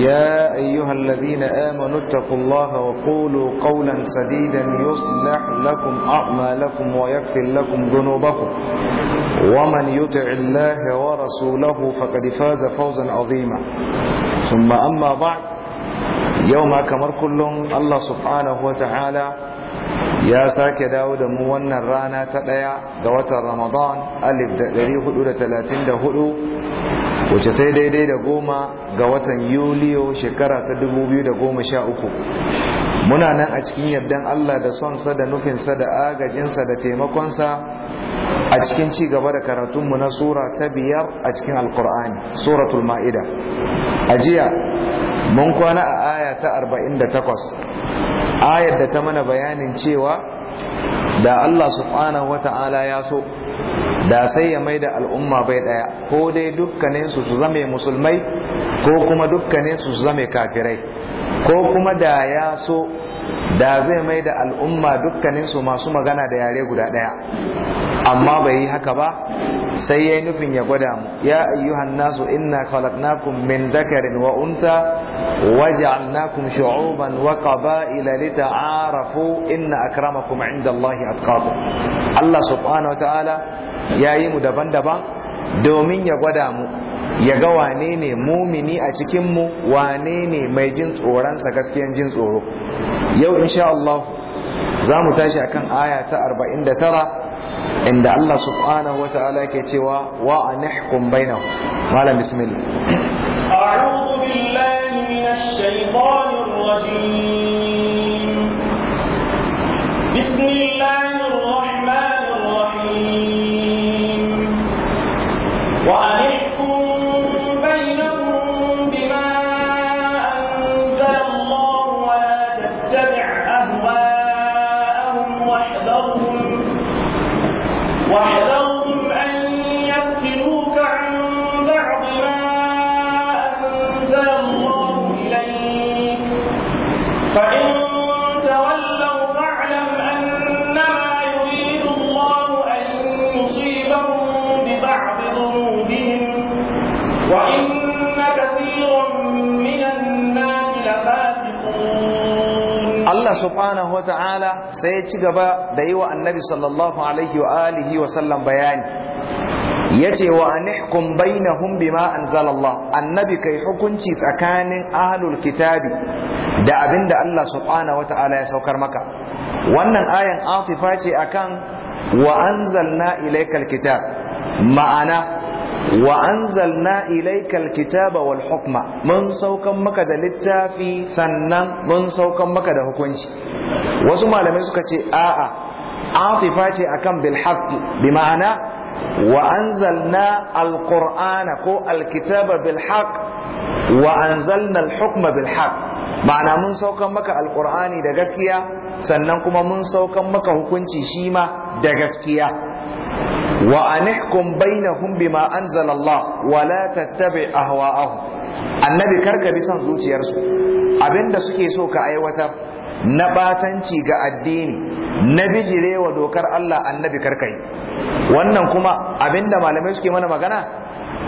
يا أيها الذين آمنوا اتقوا الله وقولوا قولا سديدا يصلح لكم أعمالكم ويغفر لكم ذنوبكم ومن يطع الله ورسوله فقد فاز فوزا عظيما ثم أما بعد يوم كمر كلهم الله سبحانه وتعالى يا ساك داود مونا رانا تدايا دوات رمضان ألف دقري هدو لتلاتين دهدو وشتي دي دي دقوما ga watan yuliyo shekara ta 2013 muna nan a cikin yardan Allah da sonsa da nufinsa da agajinsa da taimakonsa a cikin ci gaba da karatunmu na sura ta biyar a cikin alkur'ani suratul ma'ida a jiya mun kwana a aya ta 48 ayar da ta mana bayanin cewa da Allah subhanahu wata'ala ya so da sai ya mai da al'umma bai daya ko dai dukkanin su su zame musulmai ko kuma dukkanin su su zame kafirai ko kuma da ya so da zai mai da al'umma dukkanin su masu magana da yare guda daya amma bai yi haka ba sai ya yi nufin ya gwada mu ya ayyuhan nasu inna khalaqnakum min dhakarin wa unsa وجعلناكم شعوبا وقبائل لتعارفوا إن أكرمكم عند الله أتقاكم الله سبحانه وتعالى يا يمو دبان دبان domin ya gwada mu ya ga wane ne mumini a cikinmu wane ne mai jin tsoronsa gaskiyan jin tsoro yau insha Allah za mu tashi akan aya ta 49 inda Allah subhanahu wa ta'ala ke cewa wa anihkum bainahum malam bismillah Why subhanahu wata'ala sai ya ci gaba da yi wa annabi sallallahu alaihi wa alihi wa sallam bayani yace wa anihkum bainahum bima anzalallah annabi kai hukunci tsakanin ahlul kitabi da abinda Allah subhanahu wata'ala ya saukar maka wannan ayan atifa ce akan wa anzalna ilaykal kitab ma'ana wa anzalna ilaykal kitaba wal hukma mun saukan maka da littafi sannan mun saukan maka da hukunci wasu malamai suka ce a'a atifa ce akan bil haqqi bi ma'ana wa anzalna al ko alkitaba kitaba bil haqq wa anzalna hukma bil haqq ma'ana mun saukan maka al da gaskiya sannan kuma mun saukan maka hukunci shima da gaskiya wa anihkum bainahum bima anzala Allah wa la tattabi ahwa'ahum annabi karka bi son zuciyarsu abinda suke so ka aiwata, na ɓatanci ga addini na bijirewa dokar Allah annabi yi. wannan kuma abinda malamai suke mana magana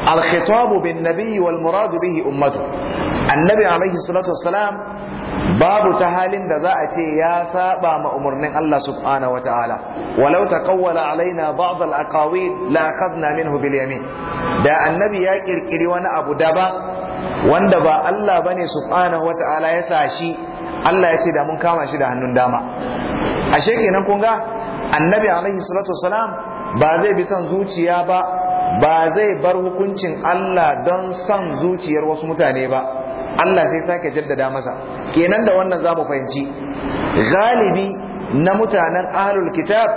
al-khitabu bin nabiyyi wal muradu bihi ummatu annabi alaihi salatu wassalam babu ta halin da za a ce ya saba ma umarnin Allah subhanahu wataala walau taqawwala alaina ba'd al-aqawil la akhadna minhu bil yamin da annabi ya kirkiri wani abu daban wanda ba Allah bane subhanahu wataala ya sa shi Allah ya ce da mun kama shi da hannun dama ashe kenan kun ga annabi alaihi salatu wasalam ba zai bi son zuciya ba ba zai bar hukuncin Allah don son zuciyar wasu mutane ba Allah sai sake jaddada masa kenan da wannan zamu fahimci galibi na mutanen ahlul kitab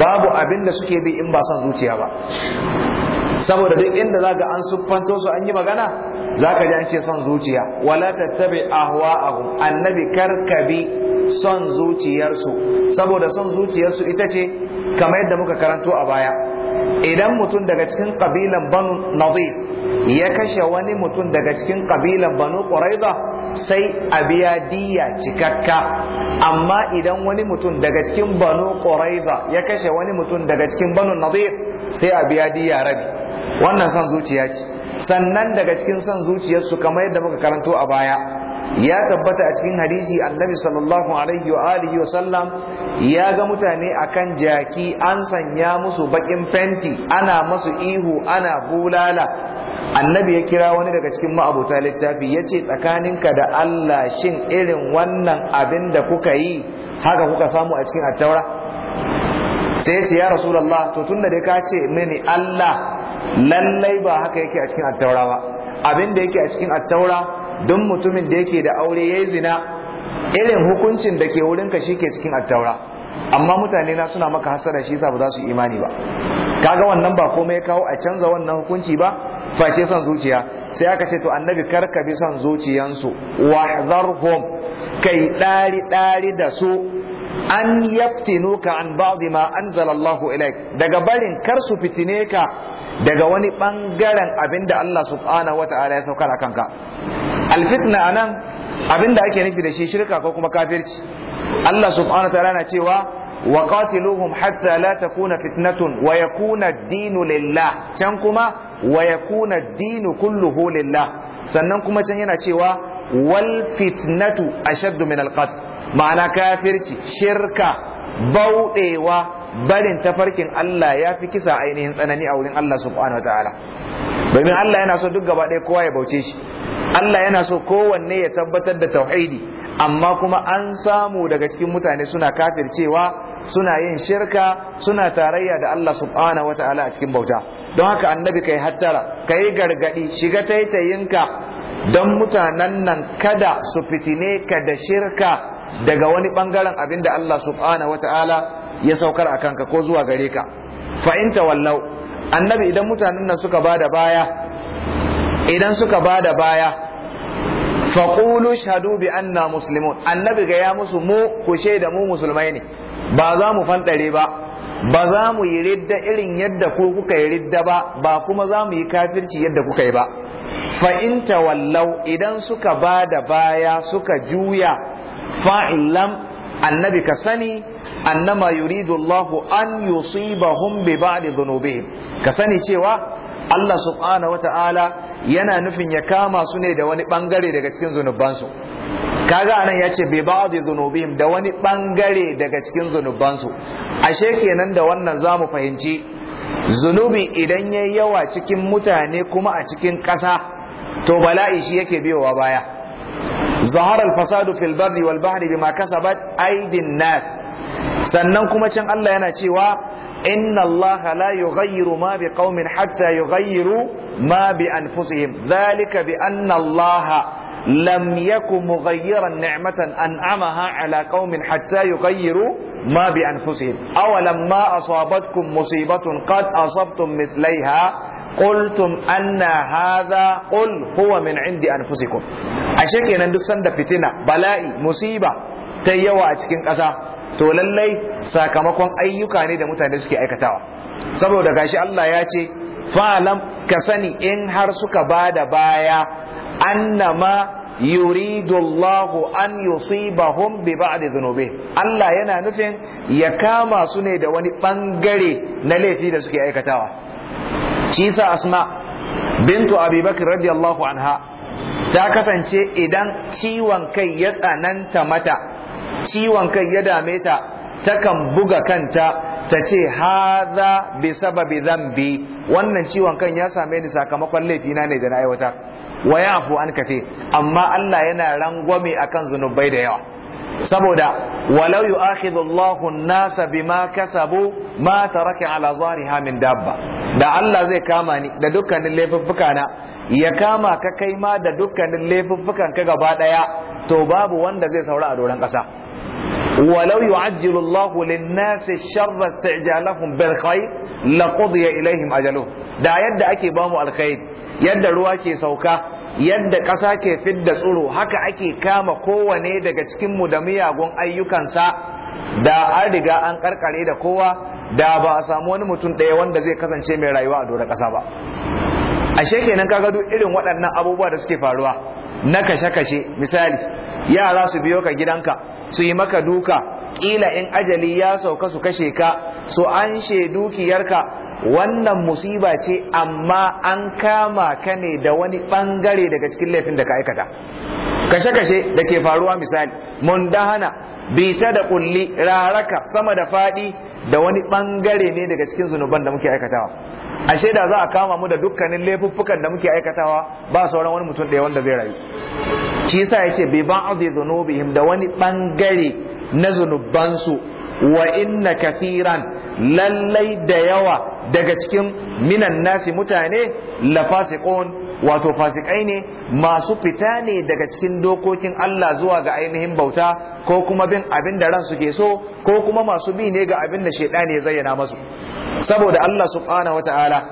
babu abin da suke bi in ba son zuciya ba saboda duk inda zaka an suffanto su an yi magana zaka ji an ce son zuciya wala tattabi ahwa'ahum annabi karkabi son zuciyarsu saboda son zuciyarsu ita ce kamar yadda muka karanto a baya idan mutum daga cikin kabilan banu nadir ya kashe wani mutum daga cikin kabilan banu ƙuraiza sai a biya diya cikakka amma idan wani mutum daga cikin banu ƙuraiza ya kashe wani mutum daga cikin banu nazir sai a biya diya rabi wannan son zuciya ce sannan daga cikin son zuciyarsu kamar yadda muka karanto a baya ya tabbata a cikin hadisi annabi sallallahu alaihi wa alihi wa sallam ya ga mutane akan jaki an sanya musu bakin fenti ana masu ihu ana bulala annabi ya kira wani daga cikin ma'abuta littafi ya ce tsakaninka da Allah shin irin wannan abin da kuka yi haka kuka samu a cikin attaura sai ce ya rasulallah to tunda da dai ka ce mini Allah lallai ba haka yake a cikin attaura ba abin da yake a cikin attaura don mutumin da yake da aure ya zina irin hukuncin da ke wurinka shi ke cikin attaura amma mutane na suna maka hasada shi yasa ba za su imani ba kaga wannan ba komai ya kawo a canza wannan hukunci ba face son zuciya sai aka ce to annabi ka bi son zuciyansu wahzarhum kai dari dari da su an yaftinuka an ba'dhi ma anzala Allah ilaik daga barin kar su fitine ka daga wani bangaren abinda Allah subhanahu wata'ala ya saukar akan ka alfitna anan abinda ake nufi da shi shirka ko kuma kafirci Allah subhanahu wata'ala na cewa وقاتلوهم حتى لا تكون فتنة ويكون الدين لله كان كما wa yakuna ad-dinu kulluhu lillah sannan kuma can yana cewa wal fitnatu ashaddu min al-qatl ma'ana kafirci shirka baudewa barin tafarkin Allah ya fi kisa ainihin tsanani a wurin Allah subhanahu wataala domin Allah yana so duk gaba ɗaya kowa ya bauce shi Allah yana so kowanne ya tabbatar da tauhidi amma kuma an samu daga cikin mutane suna kafircewa suna yin shirka suna tarayya da Allah subhanahu wataala a cikin bauta don haka annabi kai hattara kai gargadi shiga taitayinka don mutanen nan kada su fitine ka da shirka daga wani bangaren abinda da Allah subhanahu wataala ya saukar a kanka ko zuwa gare ka fa in tawallau annabi idan mutanen nan suka bada baya idan suka bada baya faqulu shahadu bi anna muslimun annabi ga ya musu mu ku shaida mu musulmai ne ba za mu fanɗare ba ba za mu yi ridda irin yadda ku kuka yi ridda ba ba kuma za mu yi kafirci yadda kuka yi ba fa in tawallau idan suka ba da baya suka juya fa'ilam annabi ka sani annama yuridu Allah an yusibahum bi ba'di dhunubihim ka sani cewa Allah subhanahu wata'ala yana nufin ya kama su ne da wani ɓangare daga cikin zunubansu kaga anan ya ce bai ba da zunubihim da wani bangare daga cikin zunubansu ashe kenan da wannan zamu mu fahimci zunubi idan ya yawa cikin mutane kuma a cikin ƙasa to bala'i shi yake biyowa baya zahar al-fasadu fil barri wal bahri bima kasabat aydin nas sannan kuma can Allah yana cewa إن la لا mabi ما hatta حتى mabi ما بأنفسهم ذلك بأن الله lam yaku mughayyiran ni'matan an'amaha ala qaumin hatta yughayyiru ma bi ma aw lamma asabatkum musibatun kad asabtum mithlaiha qultum anna hadha qul huwa min indi anfusikum ashe kenan duk sanda fitina bala'i musiba ta yawa a cikin ƙasa to lallai sakamakon ayyuka ne da mutane suke aikatawa saboda gashi Allah ya ce falam ka sani in har suka bada baya annama yuridu Allahu an yusibahum bi ba'di dhunubi Allah yana nufin ya kama su ne da wani bangare na laifi da suke aikatawa shi Asma bintu Abi radiyallahu anha ta kasance idan ciwon kai ya tsananta mata ciwon kai ya dame ta takan buga kanta ta ce hadha bi sababi bi. wannan ciwon kan ya same ni sakamakon laifina ne da na aiwata wa afu an kafe amma Allah yana rangwame akan zunubai da yawa saboda walau yu'akhidhu Allahu nasa bima kasabu ma taraka ala zahriha min dabba da Allah zai kama ni da dukkanin laifuffuka na ya kama ka kai ma da dukkanin laifuffukan ka gaba daya to babu wanda zai saura a doron kasa walau yu'ajjilu Allahu lin-nasi sharra isti'jalahum bil khair laqudiya ilaihim ajaluhum da yadda ake bamu alkhairi yadda ruwa ke sauka yadda ƙasa ke fidda tsoro haka ake kama kowane daga cikinmu da miyagun ayyukansa da an riga an karkare da kowa da ba a samu wani mutum ɗaya wanda zai kasance mai rayuwa a doron ƙasa ba ashe kenan kaga duk irin waɗannan abubuwa da suke faruwa na kashe-kashe misali yara su biyo ka gidanka su yi maka duka kila in ajali ya sauka su kashe ka su an dukiyarka wannan musiba ce amma an kama ka ne da wani bangare daga cikin laifin da ka aikata kashe-kashe da ke faruwa misali mun mundahana bita da kulli raraka sama da fadi da wani bangare ne daga cikin zunuban da muke aikatawa ashe da za a kama mu da dukkanin laifuffukan da muke aikatawa ba sauran wani mutum ɗaya wanda zai rayu shi yasa yace bi ba'dhi dhunubihim da wani bangare na zunubansu wa inna kathiran lallai da yawa daga cikin minan nasi mutane la fasiqun wato fasikai ne masu fita ne daga cikin dokokin Allah zuwa ga ainihin bauta ko kuma bin abin da ransu ke so ko kuma masu bi ne ga abin da shaidani ya zayyana masu saboda Allah subhanahu wataala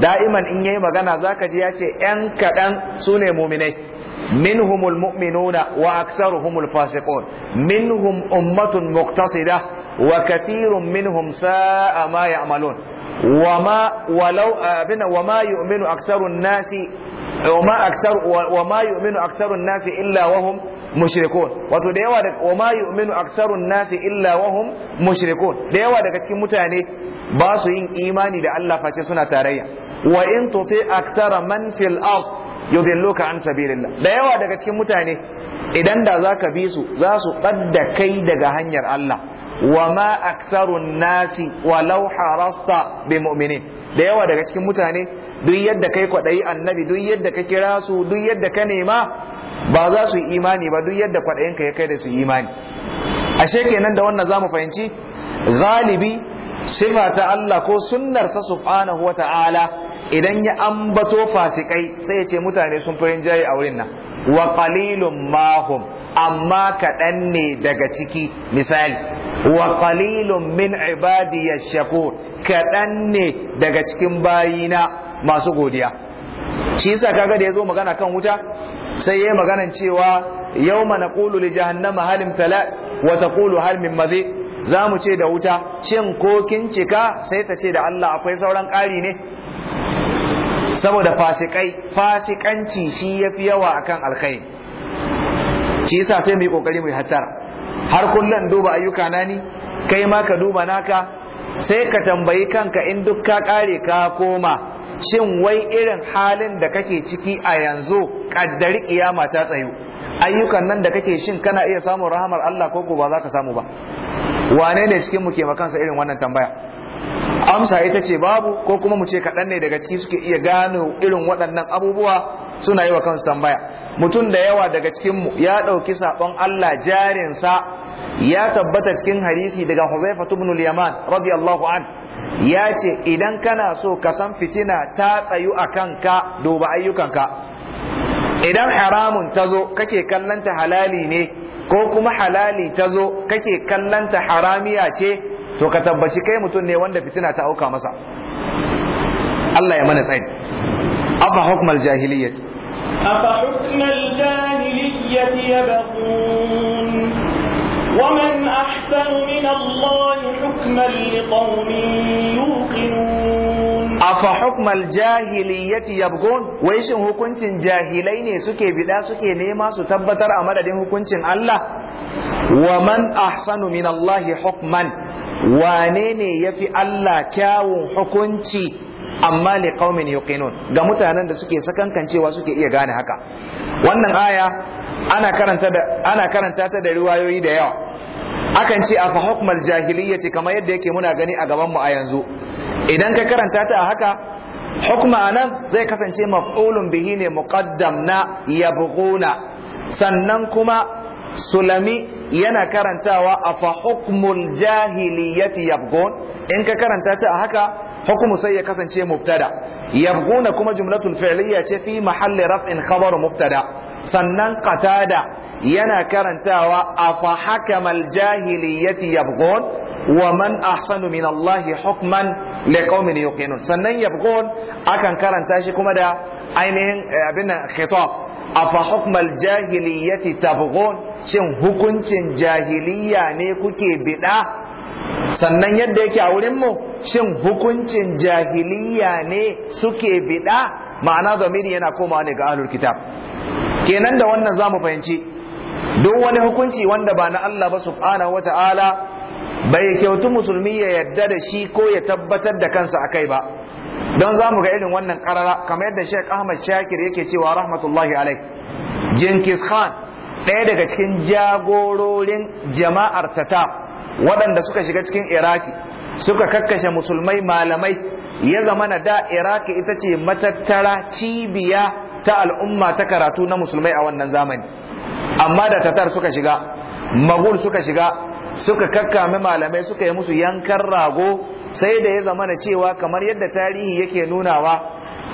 da'iman in yayi magana zaka ji ya ce yan kaɗan su ne muminai منهم المؤمنون وأكثرهم الفاسقون منهم أمة مقتصدة وكثير منهم ساء ما يعملون وما ولو وما يؤمن أكثر الناس وما أكثر وما يؤمن أكثر الناس إلا وهم mushrikun wato da yawa da wa yu'minu aksarun nasi illa wahum mushrikun da yawa daga cikin mutane ba su yin imani da Allah face suna tarayya wa in tuti aksara man fil ard yudilluka an sabilillah da yawa daga cikin mutane idan da zaka bi su za su kai daga hanyar Allah wa ma aksarun nasi walau harasta bi mu'minin da yawa daga cikin mutane duk yadda kai kwaɗayi annabi duk yadda ka kira su duk yadda ka nema ba za su yi imani ba duk yadda kwaɗayin ka ya kai da su imani ashe kenan da wannan zamu fahimci galibi sifa ta Allah ko sunnar sa subhanahu wa ta'ala idan ya ambato fasikai sai ya ce mutane sun fi rinjaye a wurin nan wa qalilun mahum amma kaɗan ne daga ciki misali wa qalilun min ibadiyash shakur kaɗan ne daga cikin bayina masu godiya shi yasa kaga da yazo magana kan wuta sai yayi maganan cewa yawma naqulu li jahannama halim tala wa taqulu hal min mazid za mu ce da wuta shin ko kin cika sai ta ce da Allah akwai sauran ƙari ne saboda fasikai fasikanci shi ya fi yawa akan alkhairi shi yasa sai mu yi kokari mu yi hatar har kullun duba ayyuka na ni kai ma ka duba naka sai ka tambayi kanka in duk ka kare ka koma shin wai irin halin da kake ciki a yanzu kaddari kiyama ta tsayo ayyukan nan da kake shin kana iya samun rahamar Allah ko ko ba za ka samu ba wane ne cikin mu ke makansa irin wannan tambaya amsa ita ce babu ko kuma mu ce kaɗan ne daga ciki suke iya gano irin waɗannan abubuwa suna yi wa kansu tambaya mutum da yawa daga cikinmu ya ɗauki saɓon Allah jarinsa ya tabbata cikin hadisi daga Huzaifa ibn al-Yaman radiyallahu an ya ce idan kana so ka san fitina ta tsayu a ka duba ayyukan ka, idan haramun ta zo kake kallanta halali ne ko kuma halali tazo kake kallanta haramiya ce to ka tabbaci kai mutum ne wanda fitina ta auka masa Allah ya mana tsayi afa hukmal jahiliyyati afa hukmal jahiliyyati yabghun ومن أحسن من الله حكما لقوم يوقنون أفحكم الجاهلية يبغون ويشن hukuncin jahilai ne suke biɗa, suke nema su tabbatar a madadin hukuncin Allah wa man ahsanu min hukman wane ne ya fi Allah kyawun hukunci amma li qaumin yuqinun ga mutanen da suke sakankancewa suke iya gane haka wannan aya ana karanta da ana karanta ta da riwayoyi da yawa akan ce a hukmal jahiliyyati kamar yadda yake muna gani a gaban mu a yanzu idan ka karanta ta a haka hukma anan zai kasance maf'ulun bihi ne muqaddam na yabghuna sannan kuma sulami yana karantawa a fa hukmul jahiliyati yabgon in ka karanta ta a haka hukumu sai ya kasance mubtada yabguna kuma jumlatul fi'liya ce fi mahalli raf'in khabar mubtada sannan qatada yana karantawa a fa hakamal jahiliyati yabgon wa man ahsanu min allahi hukman liqaumin yuqinun sannan yabgun akan karanta shi kuma da ainihin eh, abin khitab afa hukmal jahiliyyati tabghun shin hukuncin jahiliya ne kuke bida sannan yadda yake a wurin mu shin hukuncin jahiliya ne suke bida ma'ana zamiri yana koma ne ga ahlul kitab kenan da wannan zamu fahimci duk wani hukunci wanda ba na Allah ba subhanahu wata'ala bai kyautu musulmi ya yadda da shi ko ya tabbatar da kansa akai ba don za mu ga irin wannan karara kamar yadda Sheikh Ahmad Shakir yake cewa rahmatullahi alai, Jenkins Khan ɗaya daga cikin jagororin jama'ar Tatar waɗanda suka shiga cikin Iraki suka kakkashe musulmai malamai ya zama na da Iraki ita ce matattara cibiya ta al'umma ta karatu na musulmai a wannan zamani amma da Tatar suka shiga Magul suka shiga suka kakkame malamai suka yi musu yankan rago sai da ya zama na cewa kamar yadda tarihi yake nunawa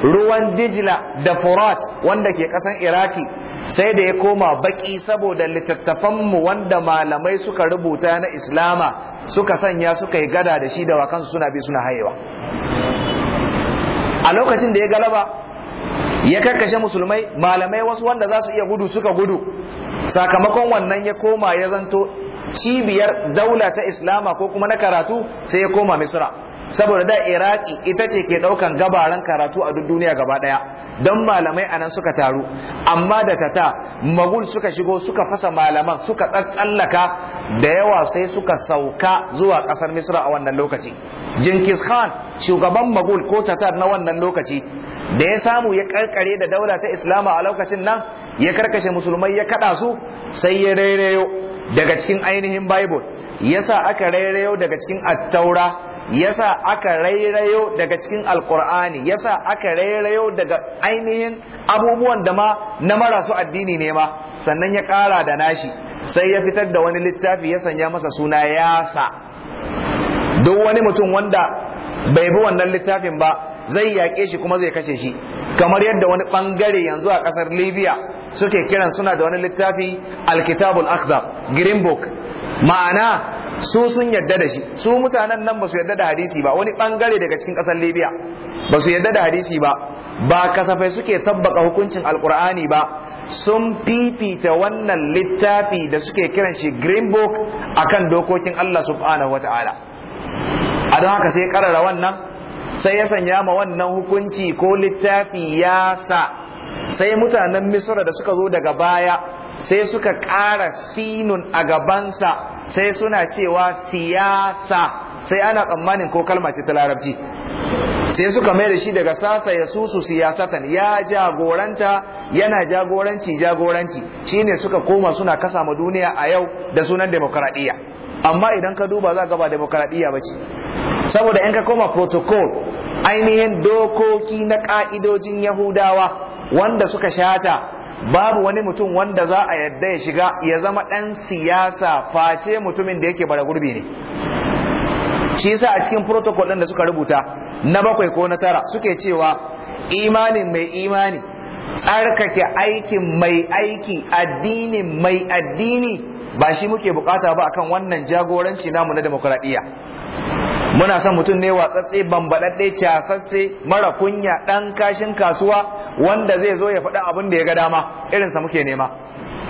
ruwan dijila da furat wanda ke kasan iraki sai da ya koma baƙi saboda littattafanmu wanda malamai suka rubuta na islama suka sanya suka yi gada da shi da kansu suna bi suna hayewa a lokacin da ya galaba ya karkashe musulmai malamai wasu wanda za su iya gudu suka gudu sakamakon wannan ya koma ya zanto cibiyar daula ta islama ko kuma na karatu sai ya koma misra saboda da iraki ita ce ke daukan gabaran karatu a duk duniya gaba daya don malamai anan suka taru amma da tata magul suka shigo suka fasa malaman suka tsallaka da yawa sai suka sauka zuwa kasar misra a wannan lokaci jinkis khan shugaban magul ko tatar na wannan lokaci da ya samu ya karkare da daula ta islama a lokacin nan ya karkashe musulmai ya kada su sai ya rairayo daga cikin ainihin bible yasa aka rairayo daga cikin attaura yasa aka rairayo daga cikin alkur'ani yasa aka rairayo daga ainihin abubuwan da ma na marasu addini ne ma sannan ya kara da nashi sai ya fitar da wani littafi ya sanya masa suna yasa duk wani mutum wanda bai bi wannan littafin ba zai yaƙe shi kuma zai kashe shi kamar yadda wani ɓangare yanzu a ƙasar libya suke kiran suna da wani littafi alkitabul akhdar green book ma'ana su sun yadda da shi su mutanen nan ba su yadda da hadisi ba wani bangare daga cikin kasar libya ba su yadda da hadisi ba ba kasafai suke tabbaka hukuncin alkur'ani ba sun fifita wannan littafi da suke kiran shi green book akan dokokin allah subhanahu ta'ala a don haka sai karara wannan sai ya sanya ma wannan hukunci ko littafi ya sa sai mutanen misra da suka zo daga baya sai suka ƙara sinun a gabansa sai suna cewa siyasa sai ana tsammanin ko kalma ce ta larabci sai suka mai da shi daga sasa ya susu siyasatan ya jagoranta yana jagoranci jagoranci Shi ne suka koma suna kasa ma duniya a yau da sunan demokradiyya amma idan ka duba za ga ba bace saboda in ka koma protocol ainihin dokoki na ka'idojin yahudawa wanda suka shata babu wani mutum wanda za a yadda ya shiga ya zama ɗan siyasa face mutumin da yake bara gurbi ne shi sa a cikin protocol ɗin da suka rubuta na bakwai ko na tara suke cewa imanin mai imani tsarkake aikin mai aiki addinin mai addini ba shi muke bukata ba akan wannan jagoranci namu na demokradiyya muna son mutum ne watsatse bambadadde casasse mara kunya ɗan kashin kasuwa wanda zai zo ya faɗi abin da ya ga dama irinsa muke nema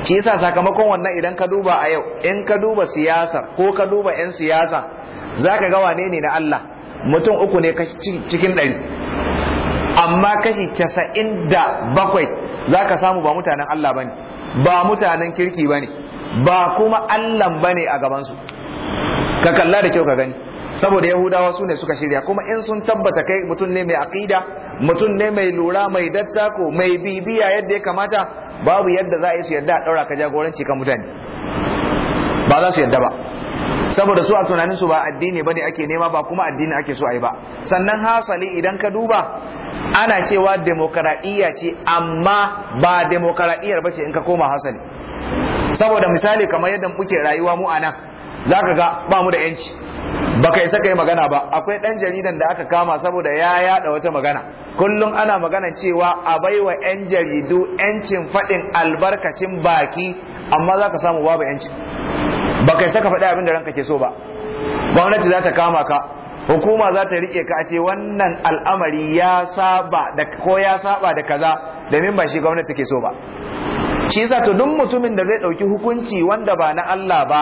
shi yasa sakamakon wannan idan ka duba a yau in ka duba siyasar ko ka duba 'yan siyasa za ka ga wane ne na Allah mutum uku ne cikin ɗari amma kashi casa'in da bakwai za ka samu ba mutanen Allah ba ne ba mutanen kirki ba ba kuma Allah ba ne a gabansu ka kalla da kyau ka gani saboda yahudawa su ne suka shirya kuma in sun tabbata kai mutum ne mai aqida mutum ne mai lura mai dattako mai bibiya yadda ya kamata babu yadda za a yi su yadda a ɗaura ka jagoranci kan mutane ba za su yadda ba saboda su a tunanin su ba addini bane ake nema ba kuma addini ake so ayi ba sannan hasali idan ka duba ana cewa demokaradiyya ce amma ba demokaradiyyar ba ce in ka koma hasali saboda misali kamar yadda muke rayuwa mu a nan zaka ga ba mu da yanci baka isa kai magana ba akwai dan jaridan da aka kama saboda ya yada wata magana kullum ana magana cewa a baiwa yan jaridu yancin fadin albarkacin baki amma za ka samu babu yanci baka isa ka faɗi abin da ranka ke so ba gwamnati za ta kama ka hukuma za ta rike ka a ce wannan al'amari ya saba da ko ya saba da kaza domin ba shi gwamnati ke so ba shi yasa to duk mutumin da zai ɗauki hukunci wanda ba na Allah ba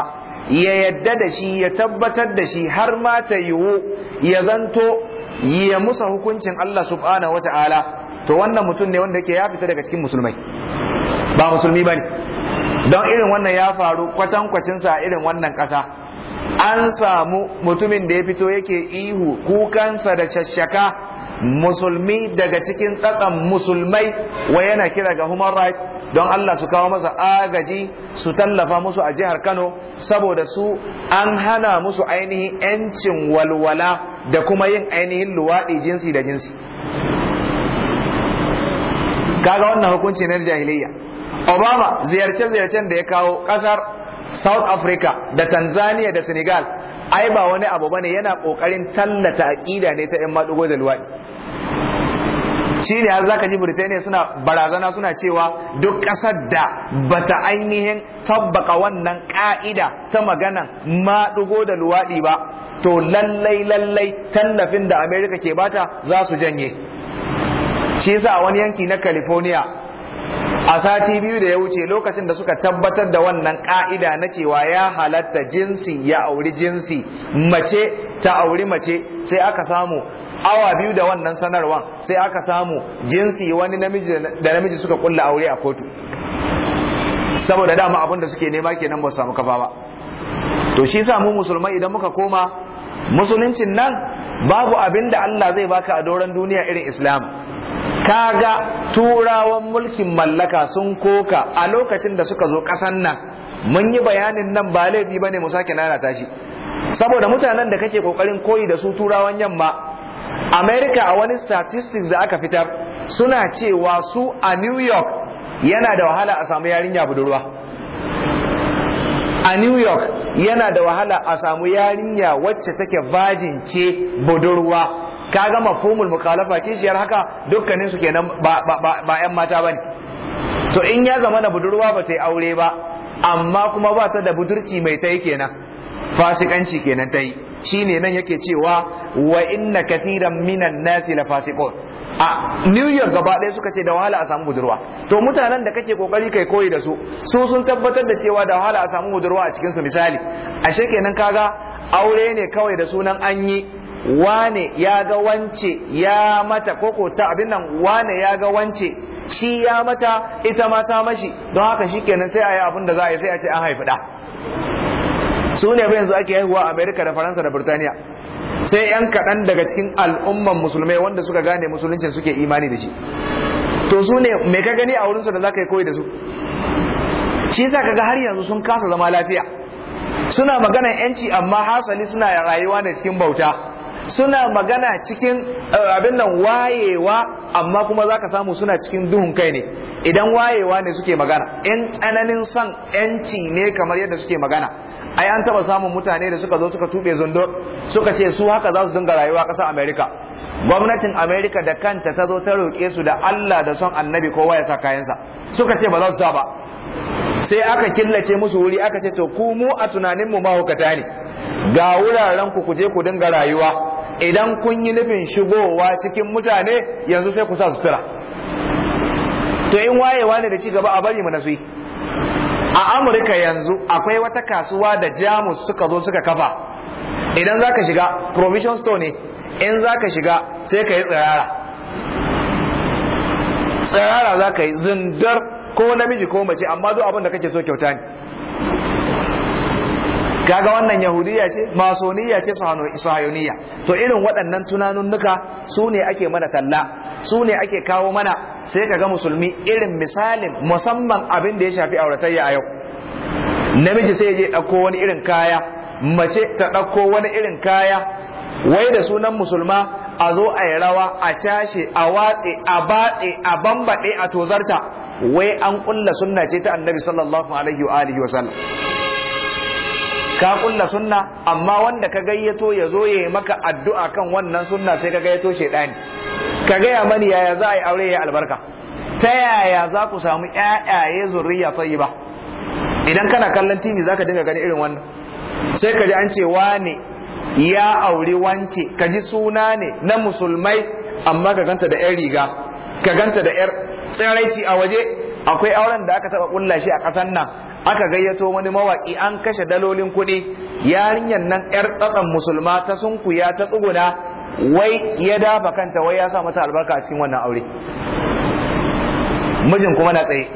ya yadda da shi ya tabbatar da shi har ma ta yiwu ya zanto ya musa hukuncin Allah subhanahu wata'ala to wannan mutum ne wanda yake ya fita daga cikin musulmai ba musulmi bane don irin wannan ya faru kwatankwacinsa a irin wannan kasa, an samu mutumin da ya fito yake ihu kukansa da shashaka musulmi daga cikin tsatsan musulmai wa yana kira ga human rights don Allah su kawo masa agaji su tallafa musu a jihar Kano saboda su an hana musu ainihin yancin walwala da kuma yin ainihin luwaɗi jinsi da jinsi kaga wannan hukunci na jahiliya Obama ziyarce-ziyarcen da ya kawo ƙasar South Africa da Tanzania da Senegal ai ba wani abu bane yana kokarin tallata aqida ne ta 'yan madugo da luwaɗi shi ne har zaka ji Birtaniya suna barazana suna cewa duk ƙasar da bata ainihin tabbaka wannan ƙa'ida ta magana maɗigo da luwaɗi ba to lallai lallai tallafin da Amerika ke bata za su janye shi yasa wani yanki na California a sati biyu da ya wuce lokacin da suka tabbatar da wannan ka'ida na cewa ya halatta jinsi ya auri jinsi mace ta auri mace sai aka samu awa biyu da wannan sanarwan sai aka samu jinsi wani namiji da namiji suka kulla aure a kotu saboda dama abin da suke nema kenan ba su samu kafa ba to shi sa mu musulmai idan muka koma musuluncin nan babu abin da Allah zai baka a doron duniya irin islam kaga turawan mulkin mallaka sun koka a lokacin da suka zo kasan nan mun yi bayanin nan ba laifi bane mu sake lalata shi saboda mutanen da kake kokarin koyi da su turawan yamma America a wani statistics da aka fitar suna cewa su a New York yana da wahala a samu yarinya budurwa a New York yana da wahala a samu yarinya wacce take virgin ce budurwa ka ga fomul mukalafa kishiyar haka dukkanin su kenan ba yan mata ba ne, to in ya zama na budurwa ba ta yi aure ba amma kuma ba ta da budurci mai ta yi kenan fasikanci kenan ta yi shine nan yake cewa wa inna kathiran minan nasi la fasiqun a New York gaba ɗaya suka ce da wahala a samu budurwa to mutanen da kake kokari kai koyi da su su sun tabbatar da cewa da wahala a samu budurwa a cikin su misali ashe kenan kaga aure ne kawai da sunan an yi wane ya ga wance ya mata koko ta abin nan wane ya ga wance shi ya mata ita mata mashi don haka shi shikenan sai a yi abin da za a yi sai a ce an haifi ɗa su ne ba yanzu ake haihuwa a amerika da faransa da burtaniya sai yan kaɗan daga cikin al'umman musulmai wanda suka gane musuluncin suke imani da shi to su ne me ka gani a wurinsu da za ka yi koyi da su shi ka kaga har yanzu sun kasa zama lafiya suna maganar yanci amma hasali suna rayuwa ne cikin bauta suna magana cikin eh, abin nan wayewa amma kuma za ka samu suna cikin duhun kai ne idan wayewa ne suke magana in tsananin son yanci ne kamar yadda suke magana ai an taba samun mutane da suka zo suka tube zundo suka ce su haka za su dinga rayuwa ƙasar America gwamnatin Amerika da kanta ta zo ta roƙe su da Allah da son annabi kowa ya sa kayansa suka ce ba za su sa ba sai aka killace musu wuri aka ce to ku mu a tunaninmu mahaukata ne ga wuraren ku kuje ku dinga rayuwa idan kun yi nufin shigowa cikin mutane yanzu sai ku sa sutura to in wayewa ne da ci gaba a bari mu nasu a amurka yanzu akwai wata kasuwa da jamus suka zo suka kafa idan ka shiga provision store ne in zaka shiga sai ka yi tsirara tsirara za ka yi zindar ko namiji ko mace amma duk abinda kake so kyauta ne kaga wannan yahudiya ce masoniya ce sahayoniya to irin waɗannan tunanunnuka su ne ake mana talla su ne ake kawo mana sai kaga musulmi irin misalin musamman abin da ya shafi auratayya a yau namiji sai je ɗauko wani irin kaya mace ta ɗauko wani irin kaya wai da sunan musulma a zo a yi rawa a cashe a watse a batse a bambaɗe a tozarta wai an ƙulla sunna ce ta annabi sallallahu alaihi wa alihi wa sallam ka kulla sunna amma wanda ka gayyato ya zo ya yi maka addu'a kan wannan sunna sai ka gayyato shaidani ka gaya mani yaya za a yi aure ya albarka ta yaya za ku samu ƴaƴaye zurriya tayyiba idan kana kallon tv zaka dinga gani irin wannan sai ka ji an ce wane ya auri wance ka ji suna ne na musulmai amma ka ganta da ƴar riga ka ganta da yar tsiraici a waje akwai auren da aka taba kulla shi a kasan nan aka gayyato wani mawaki an kashe dalolin kuɗi yarinyar nan yar tsatsan musulma ta sunkuya ta tsuguna wai ya dafa kanta wai ya sa mata albarka a cikin wannan aure mijin kuma na tsaye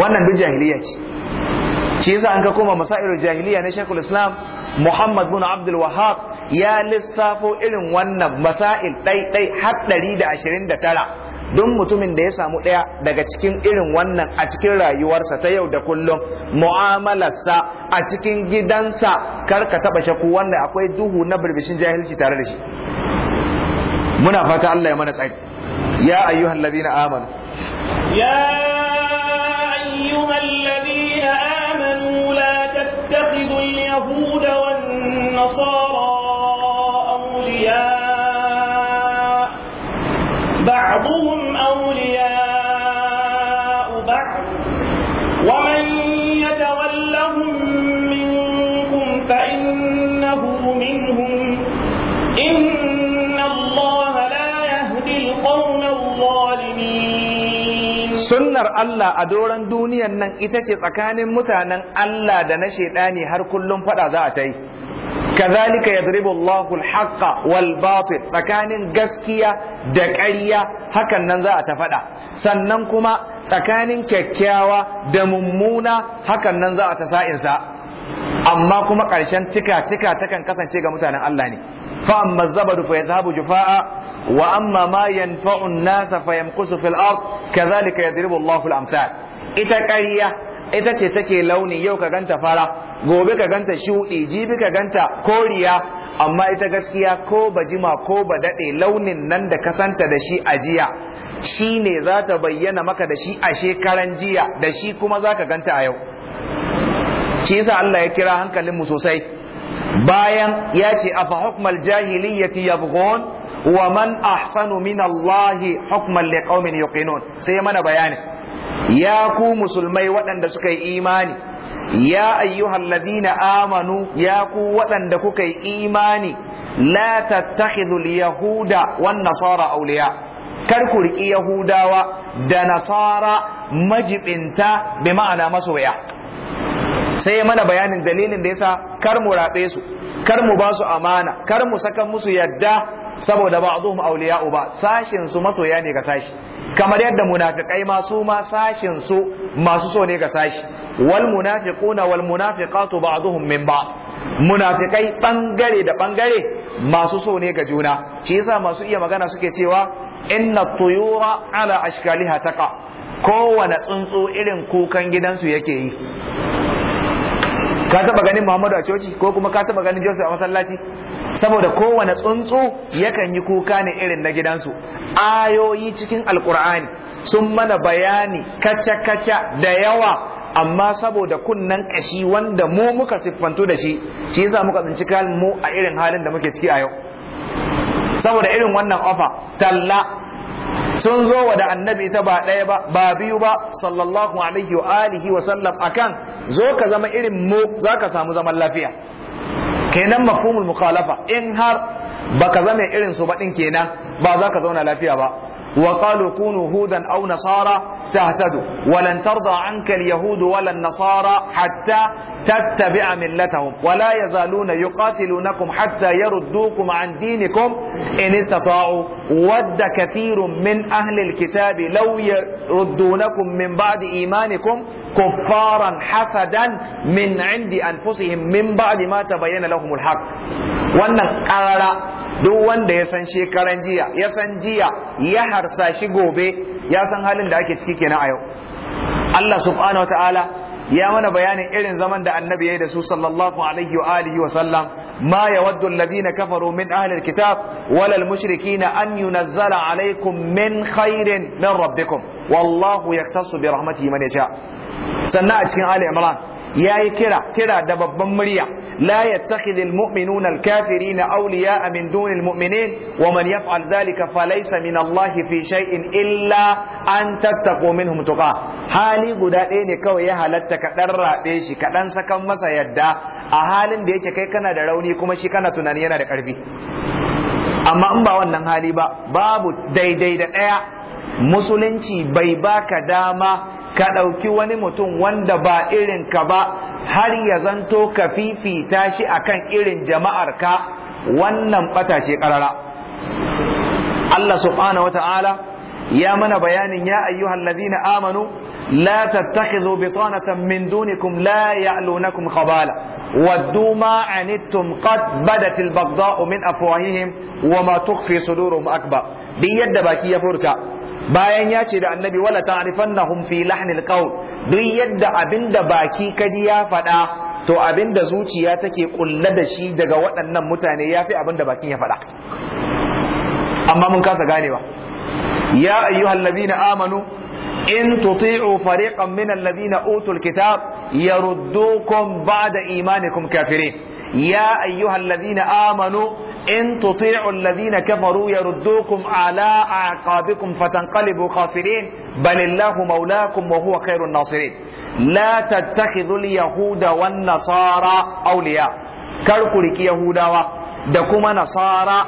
wannan duk jahiliya ce shi yasa an ka koma masailul jahiliya na shekul islam muhammad bin abdul wahab ya lissafo irin wannan masail ɗai ɗai har ɗari da ashirin da tara duk mutumin da ya samu ɗaya daga cikin irin wannan a cikin rayuwarsa ta yau da kullum mu'amalarsa a cikin gidansa kar ka taɓa shaku wanda akwai duhu na birbishin jahilci tare da shi muna fata Allah ya mana tsari ya ayyuhal ladina amanu ya ayyuhal ladina amanu la tattakhidul yahuda wan nasara sunnar Allah a doron duniyan nan ita ce tsakanin mutanen Allah da na shaidani har kullum fada za a ta yi kazalika yadribu Allahu haqqa wal batil tsakanin gaskiya da ƙarya hakan nan za a ta fada sannan kuma tsakanin kyakkyawa da mummuna hakan nan za a ta sa'insa amma kuma ƙarshen tika tika takan kasance ga mutanen Allah ne فأما الزبد فيذهب جفاء وأما ما ينفع الناس فيمكث في الأرض كذلك يضرب الله في الأمثال ita ƙarya ita ce take launi yau ka ganta fara gobe ka ganta shuɗi jibi ka ganta koriya amma ita gaskiya ko ba jima ko ba daɗe launin nan da ka santa da shi a jiya shi ne za bayyana maka da shi a shekaran jiya da shi kuma za ka ganta a yau shi yasa Allah ya kira hankalinmu sosai bayan ya ce afa hukmal jahiliyyati yabghun wa man ahsanu min Allah hukman liqaumin yuqinun sai mana bayani ya ku musulmai waɗanda suka yi imani ya ayyuhallazina amanu ya ku waɗanda kuka yi imani la tattakhidhu yahuda wan nasara awliya kar ku riki yahudawa da nasara majibinta bi ma'ana masoya sai ya mana bayanin dalilin da ya sa kar mu rabe su kar mu ba su amana kar mu saka musu yadda saboda ba mu awliya'u ba sashin su masoya ne ga sashi kamar yadda munafiqai ma su ma sashin su masu so ne ga sashi wal munafiquna wal munafiqatu ba'dhum min ba'd munafiqai bangare da bangare masu so ne ga juna shi yasa masu iya magana suke cewa inna tuyura ala ashkaliha taqa kowane tsuntsu irin kukan gidansu yake yi ka taba ganin Muhammadu a coci ko kuma ka taba ganin Joseph a masallaci saboda kowane tsuntsu yakan yi kuka ne irin na gidansu ayoyi cikin alkur'ani sun mana bayani kaca-kaca da yawa amma saboda kunnan kashi wanda mu muka siffantu da shi shi yasa muka tsinci mu a irin halin da muke ciki a yau saboda irin wannan ofa talla sun zo wa da annabi ita ba ɗaya ba ba biyu ba sallallahu alaihi wa alihi wa sallam akan zo ka zama irin mu za ka samu zaman lafiya kenan mafhumul mukhalafa in har baka zama irin su ba din kenan ba za ka zauna lafiya ba وقالوا كونوا هودا أو نصارى تهتدوا ولن ترضى عنك اليهود ولا النصارى حتى تتبع ملتهم ولا يزالون يقاتلونكم حتى يردوكم عن دينكم إن استطاعوا ود كثير من أهل الكتاب لو يردونكم من بعد إيمانكم كفارا حسدا من عند أنفسهم من بعد ما تبين لهم الحق وأن قال duk wanda ya san shekaran jiya ya san jiya ya harsa shi gobe ya san halin da ake ciki kenan a yau Allah subhanahu Ta'ala ya mana bayanin irin zaman da annabi ya yi da su sallallahu alaihi wa alihi wa sallam ma yawaddu alladhina kafaru min ahli alkitab wala almushrikina an yunazzala alaikum min khairin min rabbikum wallahu yaktasu bi rahmatihi man yasha sannan a cikin ali imran yayi kira kira da babban murya la yattakhidhul mu'minuna al-kafirina awliya'a min dunil mu'minin wa man yaf'al dhalika falaysa min Allah fi shay'in illa an tattaqu minhum tuqa hali guda ɗaya ne kawai ya halatta ka dan rabe shi ka dan sakan masa yadda a halin da yake kai kana da rauni kuma shi kana tunani yana da karfi amma in ba wannan hali ba babu daidai da ɗaya musulunci bai baka dama ka ɗauki wani mutum wanda ba irin ka ba har ya zanto ka fifita shi akan irin jama'ar ka wannan ɓata ce ƙarara Allah subhanahu wata'ala ya mana bayanin ya ayyuhal ladina amanu la tattakhidhu bitanatan min dunikum la ya'lunakum khabala ودوا ما عنتم قد بدت البغضاء من أفواههم وما تخفي صدورهم أكبر yadda baki ya furta. bayan ya ce da annabi wala ta'rifannahum fi lahnil qawl duk yadda abinda baki kaji ya faɗa to abinda zuciya take ƙulla da shi daga waɗannan mutane yafi abinda bakin ya faɗa amma mun kasa ganewa ya ayyuhal ladina amanu in tuti'u fariqan min alladhina utul kitab yaruddukum ba'da imanikum kafirin ya ayyuhal ladina amanu in tuti'u alladhina kafaru yaruddukum ala aqabikum fatanqalibu khasirin bal illahu mawlaakum wa huwa khairun nasirin la tattakhidhu al-yahuda wan nasara awliya kar ku riki yahudawa da kuma nasara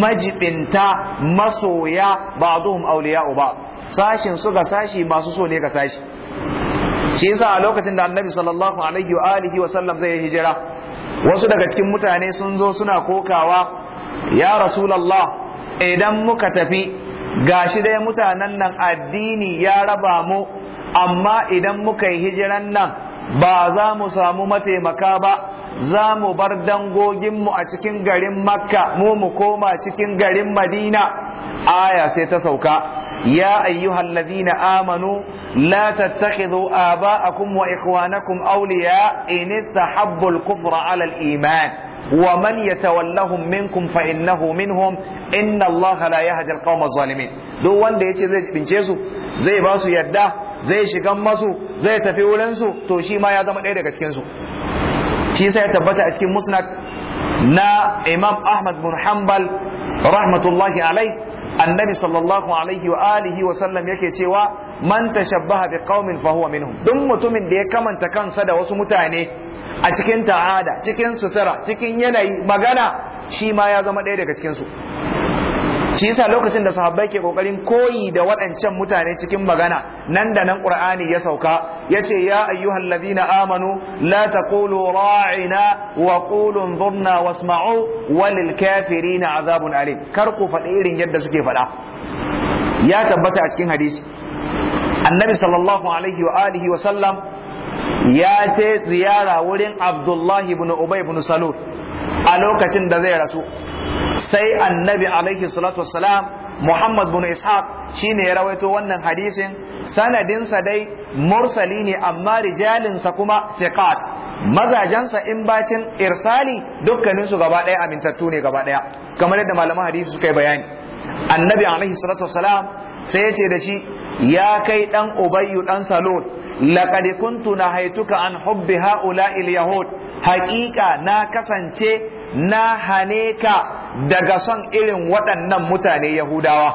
majibinta masoya ba'dhum awliya'u ba'd sashin su ga sashi masu so ne ga sashi shi yasa a lokacin da annabi sallallahu alaihi wa alihi wa sallam zai hijira wasu daga cikin mutane sun zo suna kokawa ya rasulallah idan muka tafi ga shi dai mutanen nan addini ya raba mu amma idan muka yi hijiran nan ba za mu samu mataimaka ba za mu bar dangoginmu a cikin garin makka mu mu koma cikin garin madina aya sai ta sauka يا أيها الذين آمنوا لا تتخذوا آباءكم وإخوانكم أولياء إن استحبوا الكفر على الإيمان ومن يتولهم منكم فإنه منهم إن الله لا يهدي القوم الظالمين دو وان دي زي بنجيسو زي باسو يدا زي شغان ماسو زي تفي ولنسو تو شي ما يا زما داي daga cikin su shi sai ya tabbata a cikin musnad na Imam Ahmad bin Hanbal rahmatullahi alaihi annabi sallallahu alaihi wa alihi wa sallam yake cewa man tashabbaha bi qaumin fa huwa minhum duk mutumin da ya kamanta kansa da wasu mutane a cikin ta'ada cikin sutura cikin yanayi magana shi ma ya zama ɗaya daga cikin su shi yasa lokacin da sahabbai ke kokarin koyi da waɗancan mutane cikin magana nan da nan qur'ani ya sauka yace ya ladina amanu la taqulu ra'ina wa qulu anzurna wasma'u walil kafirina azabun alim kar ku faɗi irin yadda suke faɗa ya tabbata a cikin hadisi annabi sallallahu alaihi wa alihi wa sallam ya ce ziyara wurin abdullahi ibn ubay ibn salul a lokacin da zai rasu sai annabi alaihi salatu wassalam Muhammad bin Ishaq shine ya rawaito wannan hadisin sanadinsa dai mursali ne amma rijalinsa kuma thiqat mazajensa in bacin irsali dukkaninsu gaba daya amintattu ne gaba daya kamar yadda malaman hadisi suka bayani annabi alaihi salatu wassalam sai ya ce da shi ya kai dan ubayyu dan salul laqad haituka an an hubbi haula'il yahud haqiqa na kasance. na hane ka daga son irin waɗannan mutane yahudawa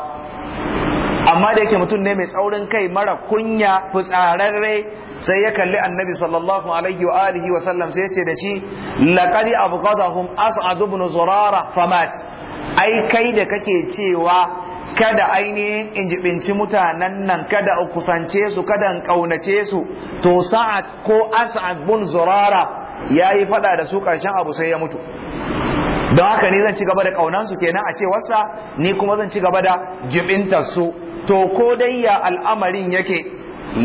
amma da yake mutum ne mai tsaurin kai mara kunya fitsararre sai ya kalli annabi sallallahu alaihi wa alihi wa sallam sai ya ce da shi laqad abghadahum as'ad ibn zurara famat ai kai da kake cewa kada ainihin injibinci mutanen nan kada kusance su kada ƙaunace su to sa'ad ko as'ad bin zurara ya yi faɗa da su karshen abu sai ya mutu don haka ni zan ci gaba da ƙaunansu kenan a ce wasa, ni kuma zan ci gaba da jibintar su to ko dai ya al'amarin yake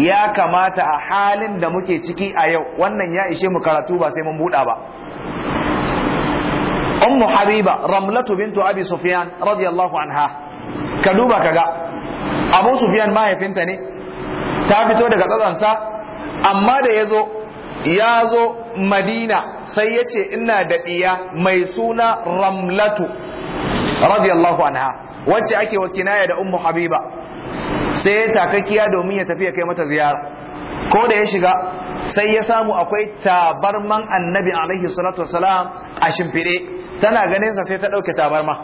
ya kamata a halin da muke ciki a yau wannan ya ishe mu karatu ba sai mun buɗa ba ummu habiba ramlatu bintu abi sufyan radiyallahu anha ka duba kaga abu sufyan mahaifinta ne ta fito daga tsatsansa amma da ya zo ya zo madina sai ya ce ina da ɗiya mai suna ramlatu radiyallahu anha wacce ake wa kinaya da ummu habiba sai ya takakkiya domin ya tafi ya kai mata ziyara ko da ya shiga sai ya samu akwai tabarman annabi alaihi salatu wasalam a shimfiɗe tana ganin sa sai ta ɗauke tabarma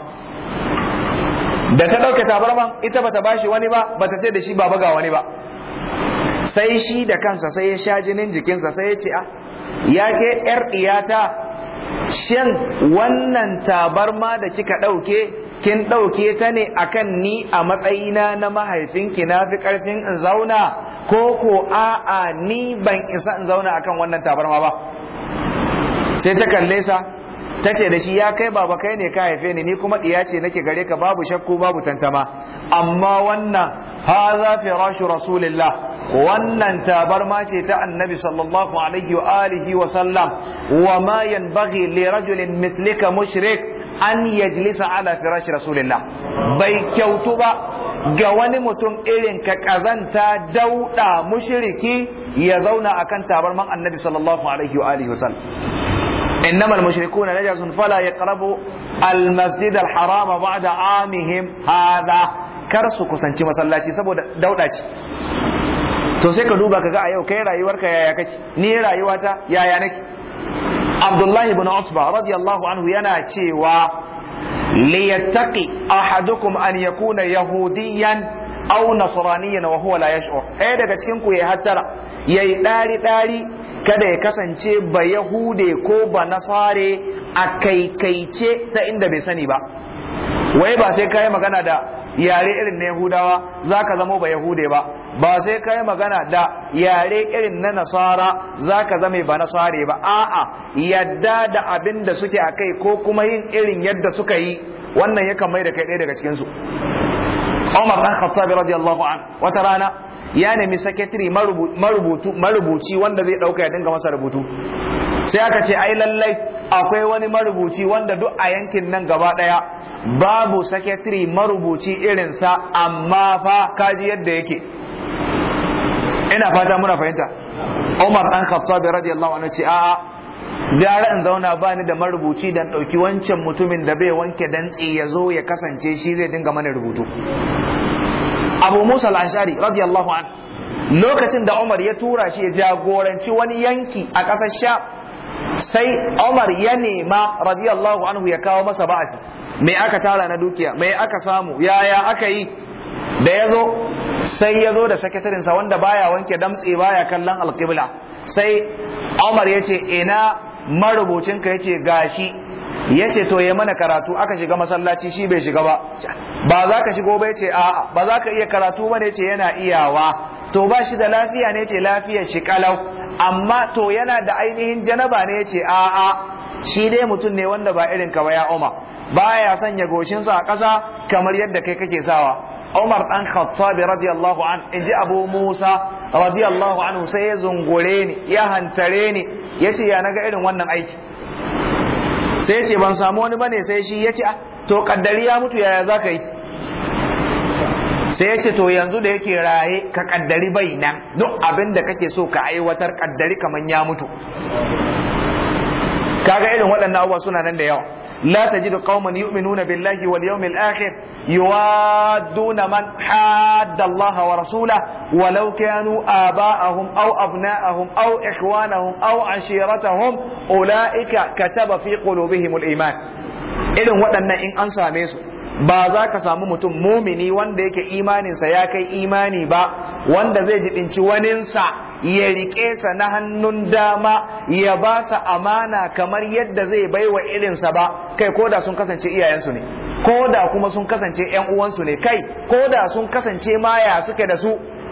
da ta ɗauke tabarman ita bata bashi wani ba bata ce da shi baba ga wani ba sai shi da kansa sai ya sha jinin jikinsa sai ya ce a ah, ya ke yar iyata shin wannan tabarma da kika ɗauke kin ɗauke ta ne akan ni a matsayina na mahaifinki na fi ƙarfin in zauna ko ko a'a ni ban isa in zauna akan wannan tabarma ba sai ta kalle sa ta ce da shi ya kai baba kai ne ka haife ni ni kuma diya ce nake gare ka babu shakku babu tantama amma wannan haza firashu rasulillah wannan tabarma ce ta annabi sallallahu alaihi wa alihi wa sallam wa ma yanbaghi li rajulin mislika mushrik an yajlisa ala firashi rasulillah bai kyautu ba ga wani mutum irin ka kazanta dauda mushriki ya zauna akan tabarman annabi sallallahu alaihi wa alihi wa sallam إنما المشركون نجس فلا يقربوا المسجد الحرام بعد عامهم هذا كرسو كسنتي مسلاتي سبو دوداتي to sai ka duba kaga a yau kai rayuwarka yaya kake ni rayuwata yaya nake Abdullah ibn Utba radiyallahu anhu yana cewa liyattaqi ahadukum an yakuna yahudiyan aw nasraniyan wa huwa la yash'ur eh daga cikin ku ya hattara yayi dari dari kada ya kasance ba yahude ko ba nasare a kaikaice ta inda bai sani ba wai ba sai ka magana da yare irin na Yahudawa za ka zamo ba Yahude ba ba sai ka magana da yare irin na Nasara za ka zame ba Nasare ba a'a yadda da abin da suke a kai ko kuma yin irin yadda suka yi wannan yakan mai da kai ɗaya daga cikinsu Umar ɗan Khattabi radiyallahu an wata rana ya nemi secretary marubuci wanda zai dauka ya dinga masa rubutu sai aka ce ai lallai akwai wani marubuci wanda duk a yankin nan gaba daya babu secretary marubuci irinsa amma fa kaji yadda yake ina fata muna fahimta Umar dan Khattab radiyallahu anhu ce a'a gara in zauna ba ni da marubuci dan dauki wancan mutumin da bai wanke dantsi ya zo ya kasance shi zai dinga mana rubutu abu musa al-ashari radiyallahu an lokacin da umar ya tura shi ya jagoranci wani yanki a ƙasar sha sai umar ya nema radiyallahu anhu ya kawo masa ba'asi me aka tara na dukiya me aka samu yaya aka yi da ya zo sai ya zo da sakatarinsa wanda baya wanke damtse baya kallon alƙibla sai umar ya ce ina marubucinka ya ce gashi ya ce to ya mana karatu aka shiga masallaci shi bai shiga ba ba za ka shigo ba ce a'a ba za ka iya karatu ba ne ce yana iyawa to ba shi da lafiya ne ce lafiyar shi kalau amma to yana da ainihin janaba ne ce a'a shi dai mutum ne wanda ba irin ka ba ya Umar ya sanya goshinsa a ƙasa kamar yadda kai kake sawa Umar dan Khattab radiyallahu an ji Abu Musa radiyallahu anhu sai ya zungure ni ya hantare ni yace ya ga irin wannan aiki sai ya ce ban samu wani bane sai shi ya ce ah, to kaddari ya mutu yaya za ka yi sai ya ce to yanzu da yake raye ka kaddari bai nan duk abin da kake so ka aiwatar kaddari kamar ya mutu kaga irin waɗannan abubuwa suna nan da yawa la tajidu qauman yu'minuna billahi wal yawmil akhir يوادون من حاد الله ورسوله ولو كانوا آباءهم أو أبناءهم أو إخوانهم أو عشيرتهم أولئك كتب في قلوبهم الإيمان إذن وأن إن أنسى ميسو ba za ka samu mutum mumini wanda yake imaninsa ya kai imani ba wanda zai jibinci waninsa ya riƙe sa na hannun dama ya ba sa amana kamar yadda zai baiwa irinsa ba kai ko da sun kasance iyayensu ne ko da kuma sun kasance ‘yan uwansu ne kai ko da sun kasance maya suke da su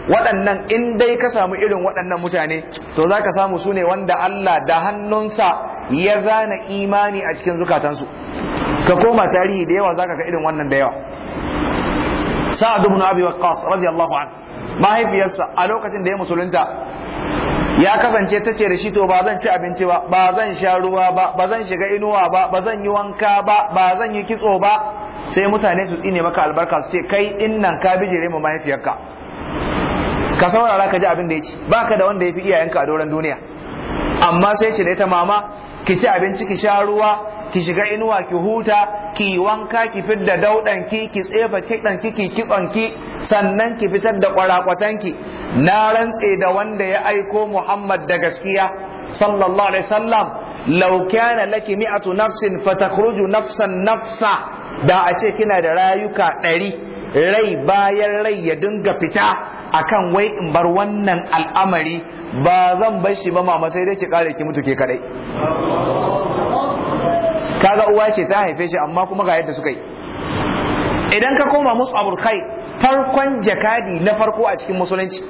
waɗannan in dai ka samu irin waɗannan mutane to za ka samu su ne wanda Allah da hannunsa ya zana imani a cikin zukatansu ka koma tarihi da yawa za ka ga irin wannan da yawa sa'ad ibn abi waqqas radiyallahu an mahaifiyarsa a lokacin da ya musulunta ya kasance ta ce da shi to ba zan ci abinci ba ba zan sha ruwa ba ba zan shiga inuwa ba ba zan yi wanka ba ba zan yi kitso ba sai mutane su tsine maka albarka su ce kai in nan ka bijire mu mahaifiyarka ka saurara ka ji abin da ya ci baka da wanda ya fi iyayenka a doron duniya amma sai ce da ita mama ki ci abinci ki sha ruwa ki shiga inuwa ki huta ki wanka ki fidda daudan ki ki tsefa kidan ki ki kitson ki sannan ki fitar da kwarakwatan ki na rantse da wanda ya aiko Muhammad da gaskiya sallallahu alaihi wasallam law kana laki mi'atu nafsin fatakhruju nafsan nafsa da a ce kina da rayuka ɗari rai bayan rai ya dinga fita akan wai in bar wannan al'amari ba zan bar shi ba mama sai dai ki kare ki mutu ke kadai kaga uwa ce ta haife shi amma kuma ga yadda suka yi idan ka koma mus'abul khair farkon jakadi na farko a cikin musulunci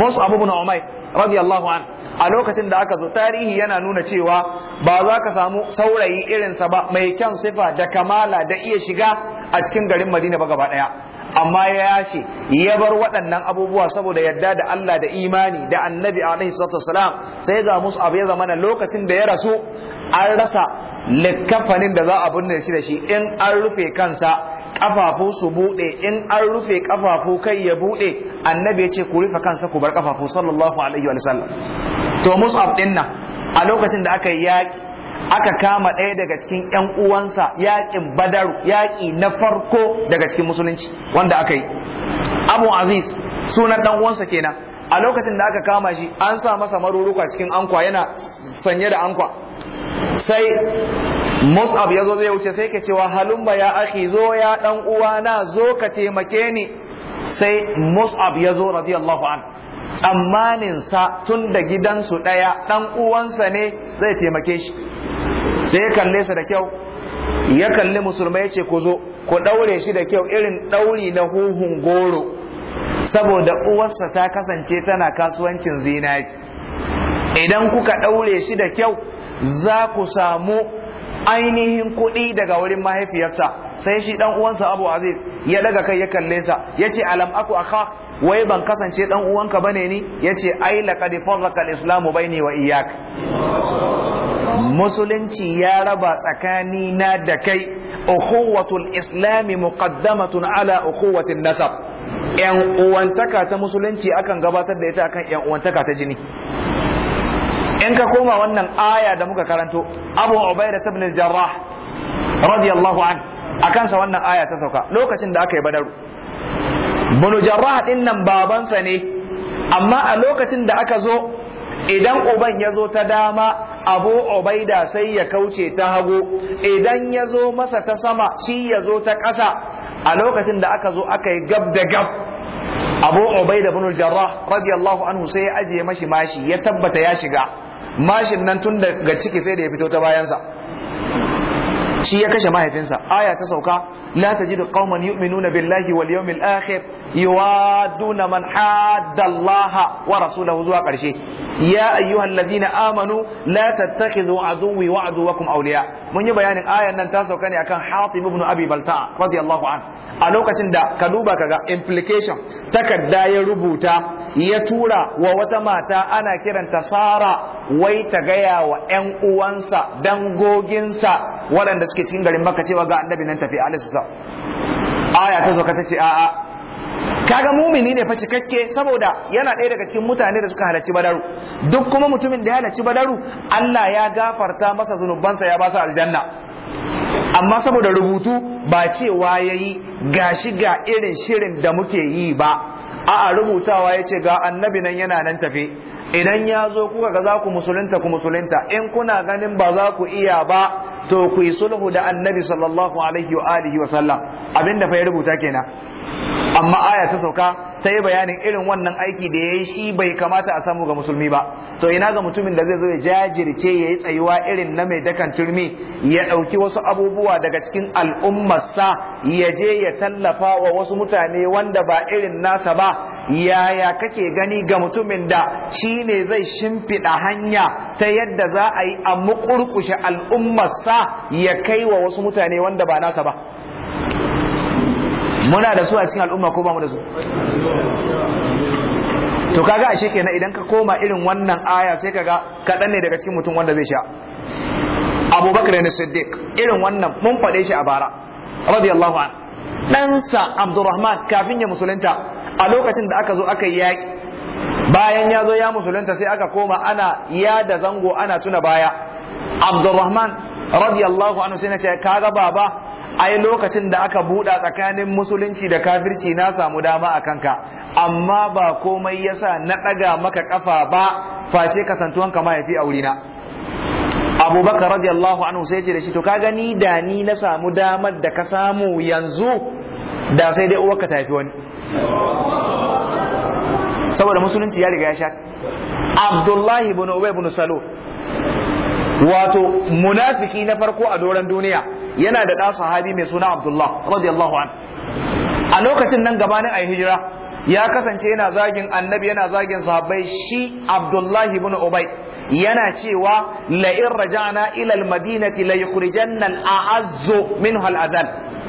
mus'ab ibn umai radiyallahu an a lokacin da aka zo tarihi yana nuna cewa ba za ka samu saurayi irinsa ba mai kyan sifa da kamala da iya shiga a cikin garin madina ba gaba daya amma ya yashe ya bar waɗannan abubuwa saboda yadda da Allah da imani da annabi alaihi salatu wasalam sai ga abu ya zamana lokacin da ya rasu an rasa likkafanin da za a binne shi da shi in an rufe kansa kafafu su bude in an rufe kafafu kai ya bude annabi ya ce ku rufe kansa ku bar kafafu sallallahu alaihi wa sallam to mus'ab dinna a lokacin da aka yaki aka kama ɗaya daga cikin ƴan uwansa yaƙin badar yaƙi na farko daga cikin musulunci wanda aka yi abu aziz sunan ɗan uwansa kenan a lokacin da aka kama shi an sa masa maruruka cikin ankwa yana sanye da ankwa sai mus'ab ya zo zai wuce sai ka cewa halumma ya akhi zo ya dan uwana zo ka taimake ni sai mus'ab ya zo radiyallahu an sa tun da gidansu ɗaya ɗan uwansa ne zai taimake shi sai ya kalle sa da kyau ya kalli musulmai ce ku zo ku ɗaure shi da kyau irin ɗauri na huhun goro saboda uwarsa ta kasance tana kasuwancin zinari idan kuka ɗaure shi da kyau za ku samu ainihin kuɗi daga wurin mahaifiyarsa sai shi dan uwansa Abu Aziz ya daga kai ya kalle sa yace alam aku akha wai ban kasance dan uwanka bane ni yace ai laqad farraqa al-islamu baini wa iyyak musulunci ya raba tsakani na da kai ukhuwatul islami muqaddamatun ala ukhuwatin nasab yan uwantaka ta musulunci akan gabatar da ita akan yan uwantaka ta jini in ka koma wannan aya da muka karanto abu ubaida ibn al-jarrah radiyallahu an akan sa wannan aya ta sauka lokacin da aka yi badaru bunu jarrah din nan babansa ne amma a lokacin da aka zo idan uban ya zo ta dama abu ubaida sai ya kauce ta hagu idan ya zo masa ta sama shi ya zo ta ƙasa a lokacin da aka zo aka yi gab da gab abu ubaida bin jarrah radiyallahu anhu sai ya ajiye mashi mashi ya tabbata ya shiga mashin nan tun daga ciki sai da ya fito ta bayansa shi ya kashe mahaifinsa aya ta sauka la tajidu qauman yu'minuna billahi wal yawmil akhir yuwaduna man hadda Allah wa rasulahu zuwa karshe ya ayyuhalladhina amanu la tattakhidhu aduwwi wa aduwwakum awliya mun yi bayanin ayan nan ta sauka ne akan Hatib ibn Abi Balta'a radiyallahu anhu a lokacin da ka duba kaga implication takarda ya rubuta ya tura wa wata mata ana kiranta Sara wai ta gaya wa 'yan uwansa dangoginsa waɗanda suke cikin garin makka cewa ga annabi nan tafi alaihi salam aya ta a'a kaga mumini ne fa cikakke saboda yana ɗaya daga cikin mutane da suka halarci badaru duk kuma mutumin da ya halarci badaru Allah ya gafarta masa zunubansa ya ba su aljanna amma saboda rubutu ba cewa yayi gashi ga irin shirin da muke yi ba a'a rubutawa ya ce ga annabi nan yana nan tafe idan ya zo kuka ga za ku musulunta ku musulunta in kuna ganin ba za ku iya ba to ku yi sulhu da annabi sallallahu alaihi wa alihi wa sallam abinda fa ya rubuta kenan amma aya ta sauka ta yi bayanin irin wannan aiki da ya yi shi bai kamata a samu ga musulmi ba to ina ga mutumin da zai zo ya jajirce ya yi tsayuwa irin na mai dakan turmi ya ɗauki wasu abubuwa daga cikin al'ummarsa ya je ya tallafa wa wasu mutane wanda ba irin nasa ba yaya kake gani ga mutumin da shi ne zai shimfiɗa hanya ta yadda za a yi a muƙurƙushe al'ummarsa ya kai wa wasu mutane wanda ba nasa ba muna da su a cikin al'umma ko ba mu da su to kaga ashe kenan idan ka koma irin wannan aya sai kaga kaɗan ne daga cikin mutum wanda zai sha abubakar ne siddiq irin wannan mun faɗe shi a bara radiyallahu an ɗansa abdurrahman kafin ya musulunta a lokacin da aka zo aka yi yaƙi bayan ya zo ya musulunta sai aka koma ana ya da zango ana tuna baya abdurrahman radiyallahu anhu sai na ce kaga baba ai lokacin da aka buɗa tsakanin musulunci da kafirci na samu dama a kanka amma ba komai yasa na ɗaga maka ƙafa ba face kasantuwan ka mahaifi a wurina abubakar radiyallahu anhu sai ce da shi to ka gani da ni na samu damar da ka samu yanzu da sai dai uwarka ta wani saboda musulunci ya riga ya sha abdullahi ibn ubay ibn salo wato munafiki na farko a doron duniya yana da ɗan sahabi mai suna Abdullah radiyallahu an a lokacin nan gabanin ayi hijira ya kasance yana zagin annabi yana zagin sahabbai shi Abdullahi ibn Ubay yana cewa la in raja'na ila al-madinati la yukhrijanna al-a'azzu minha al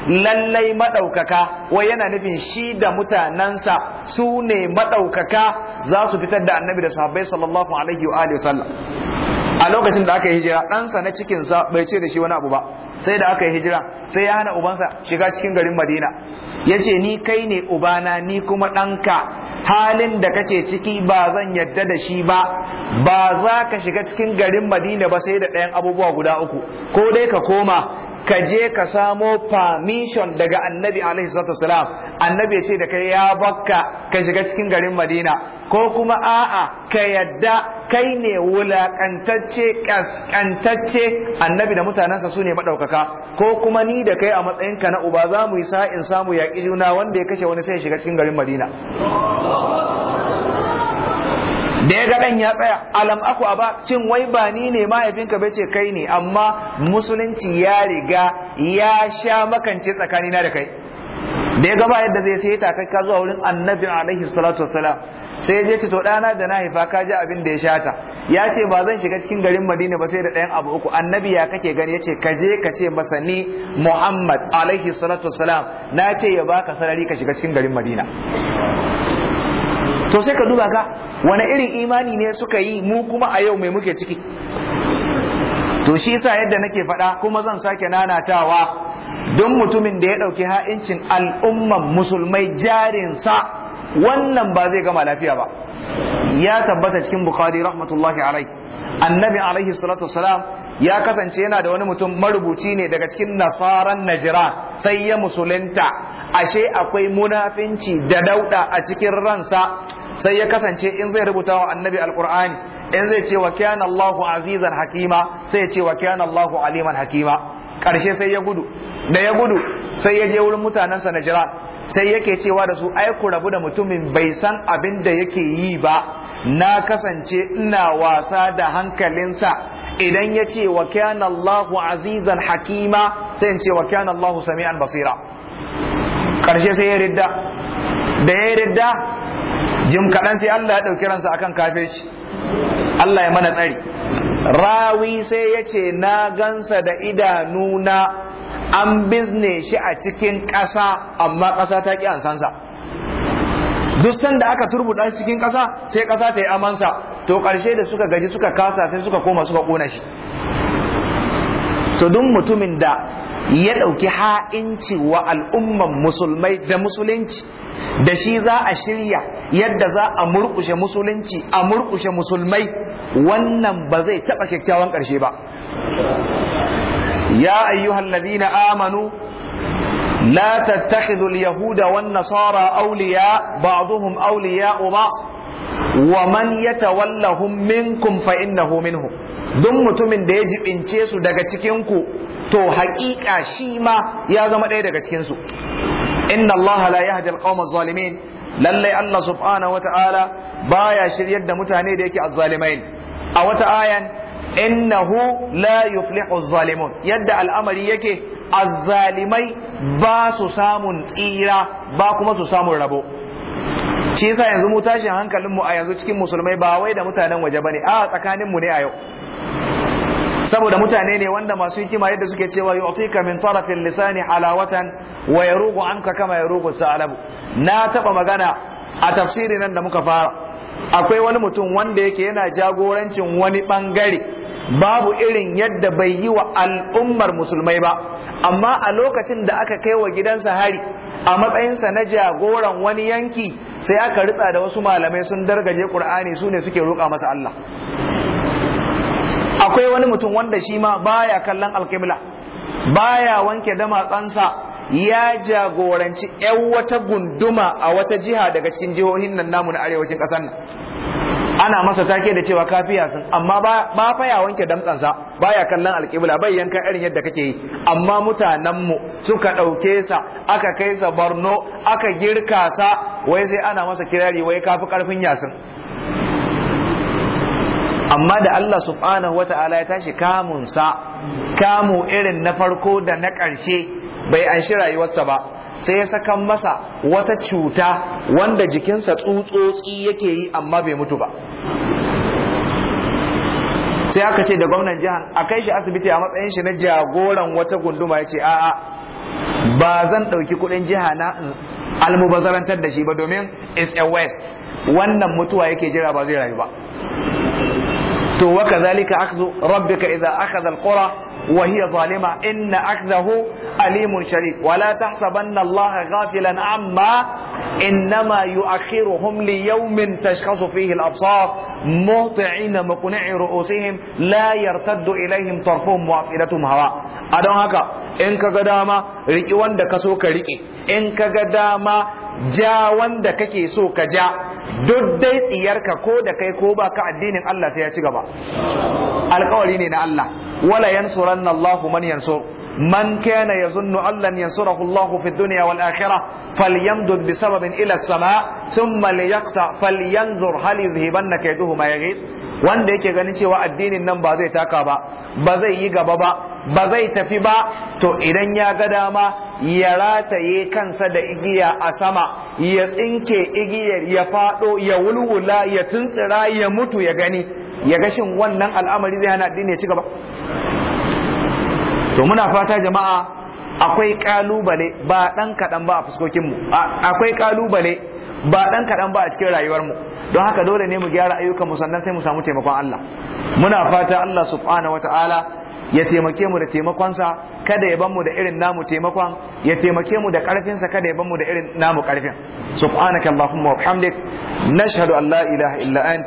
lallai maɗaukaka wai yana nufin shi da mutanensa su ne maɗaukaka za su fitar da annabi da sahabbai sallallahu alaihi wa alihi wasallam a lokacin da aka yi hijira ɗansa na cikinsa bai ce da shi wani abu ba sai da aka yi hijira sai ya hana ubansa shiga cikin garin madina ya ce ni kai ne ubana ni kuma ɗanka halin da kake ciki ba zan yadda da shi ba ba za ka shiga cikin garin madina ba sai da ɗayan abubuwa guda uku ko dai ka koma ka je ka samo permission daga annabi alaihi salatu wasalam annabi ya ce da kai ya bakka ka shiga cikin garin madina ko kuma a'a ka yadda kai ne wulakantacce kaskantacce annabi da mutanensa su ne maɗaukaka ko kuma ni da kai a matsayinka na uba za mu yi sa'in samu yaƙi juna wanda ya kashe wani sai ya shiga cikin garin madina da ya ga dan ya tsaya alam aku ba cin wai ba ni ne mahaifinka bai ce kai ne amma musulunci ya riga ya sha makance tsakani na da kai da ya gaba yadda zai sai ta ka zuwa wurin annabi alaihi salatu wassalam sai ya je shi to dana da na haifa ka ji abin da ya ta. ya ce ba zan shiga cikin garin madina ba sai da ɗayan abu uku annabi ya kake gani ya ce ka je ka ce masa ni muhammad alaihi salatu wassalam na ce ya baka sarari ka shiga cikin garin madina to sai ka duba ka wani irin imani ne suka yi mu kuma a yau mai muke ciki to shi yasa yadda nake faɗa kuma zan sake nanatawa don mutumin da ya ɗauki ha'incin al'umman musulmai jarinsa wannan ba zai gama lafiya ba ya tabbata cikin bukhari rahmatullahi alai annabi alaihi salatu salam ya kasance yana da wani mutum marubuci ne daga cikin nasaran najira sai ya musulunta ashe akwai munafinci da dauda a cikin ransa sai ya kasance in zai rubuta wa annabi alkur'ani in zai ce wa kana Allahu azizan hakima sai ya ce wa Allahu aliman hakima karshe sai ya gudu da ya gudu sai ya je wurin mutanensa na jira sai yake cewa da su ai ku rabu da mutumin bai san abin da yake yi ba na kasance ina wasa da hankalinsa idan ya ce wa kana Allahu azizan hakima sai in ce wa kana Allahu sami'an basira karshe sai ya ridda da ya ridda jim kaɗan sai Allah ya ɗauki ransa akan shi Allah ya mana tsari rawi sai ya ce na gansa da idanuna an bizne shi a cikin ƙasa amma ƙasa ta ƙi ansansa duk sanda aka turbuɗa cikin ƙasa sai ƙasa ta yi amansa to ƙarshe da suka gaji suka kasa sai suka koma suka ƙona shi to duk mutumin da ya ɗauki ha'inci wa al'umman musulmai da musulunci da shi za a shirya yadda za a murkushe musulunci a murkushe musulmai wannan ba zai taɓa kyakkyawan ƙarshe ba ya ayyuhal na amanu la tattakhidhu al-yahuda wan nasara awliya ba'dhum awliya'u wa man yatawallahum minkum fa innahu minhum duk mutumin da ya jibince su daga cikin ku to haƙiƙa shi ma ya zama ɗaya daga cikin su inna allaha la yahdi alqawma zalimin lallai allah subhanahu wataala baya shiryar da mutane da yake azzalimain a wata ayan innahu la yuflihu zalimun yadda al'amari yake azzalimai ba su samun tsira ba kuma su samun rabo shi yasa yanzu mu tashin hankalinmu a yanzu cikin musulmai ba wai da mutanen waje bane a tsakaninmu ne a yau saboda mutane ne wanda masu hikima yadda suke cewa yu'tika min tarafin lisani halawatan wa yarugu anka kama yarugu sa'alabu na taba magana a tafsiri nan da muka fara akwai wani mutum wanda yake yana jagorancin wani bangare babu irin yadda bai yi wa al'ummar musulmai ba amma a lokacin da aka kai wa gidansa hari a matsayinsa na jagoran wani yanki sai aka ritsa da wasu malamai sun dargaje qur'ani su ne suke roƙa masa Allah akwai wani mutum wanda shi ma baya kallon alkibla baya wanke damatsansa ya jagoranci ‘yan wata gunduma a wata jiha daga cikin jihohin nan namu na arewacin ƙasar nan ana masa take da cewa kafiya sun amma ba fa ya wanke damtsansa baya kallon alkibla bai yanka irin yadda kake yi amma mutanen mu suka ɗauke sa aka kai sa barno aka girka sa wai sai ana masa kirari wai kafi karfin yasin amma da Allah subhanahu Ta'ala ya tashi kamunsa kamu irin na farko da na ƙarshe bai anshi rayuwarsa ba sai ya sakan masa wata cuta wanda jikinsa tsutsotsi yake yi amma bai mutu ba sai aka ce da gwamnan jihar a kai shi asibiti a matsayin shi na jagoran wata gunduma ya ce a'a ba zan ɗauki kuɗin jiha na almubazarantar da shi ba domin it's a west wannan mutuwa yake jira ba zai rayu ba وكذلك أخذ ربك إذا أخذ القرى وهي ظالمة إن أخذه أليم شديد ولا تحسبن الله غافلا عما إنما يؤخرهم ليوم تشخص فيه الأبصار مهطعين مقنع رؤوسهم لا يرتد إليهم طرفهم وأفئدتهم هواء أدون هكا إن كقداما ركي وند كسوك ركي إن كقداما ja wanda kake so ka ja duk dai tsiyarka ko da kai ko ba ka addinin Allah sai ya ci gaba alkawari ne na Allah wala yansuranna Allahu man yansur man kana yazunnu an lan yansurahu Allahu fi dunya wal akhirah falyamdud bisababin ila as-sama thumma liyaqta falyanzur hal yadhhibanna kayduhu ma yaghid wanda yake ganin cewa addinin nan ba zai taka ba ba zai yi gaba ba ba zai tafi ba to idan ya ga dama ya rataye kansa da igiya a sama ya tsinke igiyar ya faɗo, ya wulwula ya tuntsira ya mutu ya gani ya ga shin wannan al'amari zai hana addini ya ci gaba to muna fata jama'a akwai kalubale ba dan kadan ba a fuskokin mu akwai kalubale ba dan kadan ba a cikin rayuwar mu don haka dole ne mu gyara ayyukan mu sannan sai mu samu taimakon Allah muna fata Allah subhanahu wataala ya taimake mu da taimakonsa kada ya mu da irin namu taimakon ya taimake mu da sa kada ya mu da irin namu karfin subhanaka allahumma wa bihamdik nashhadu an la ilaha illa ant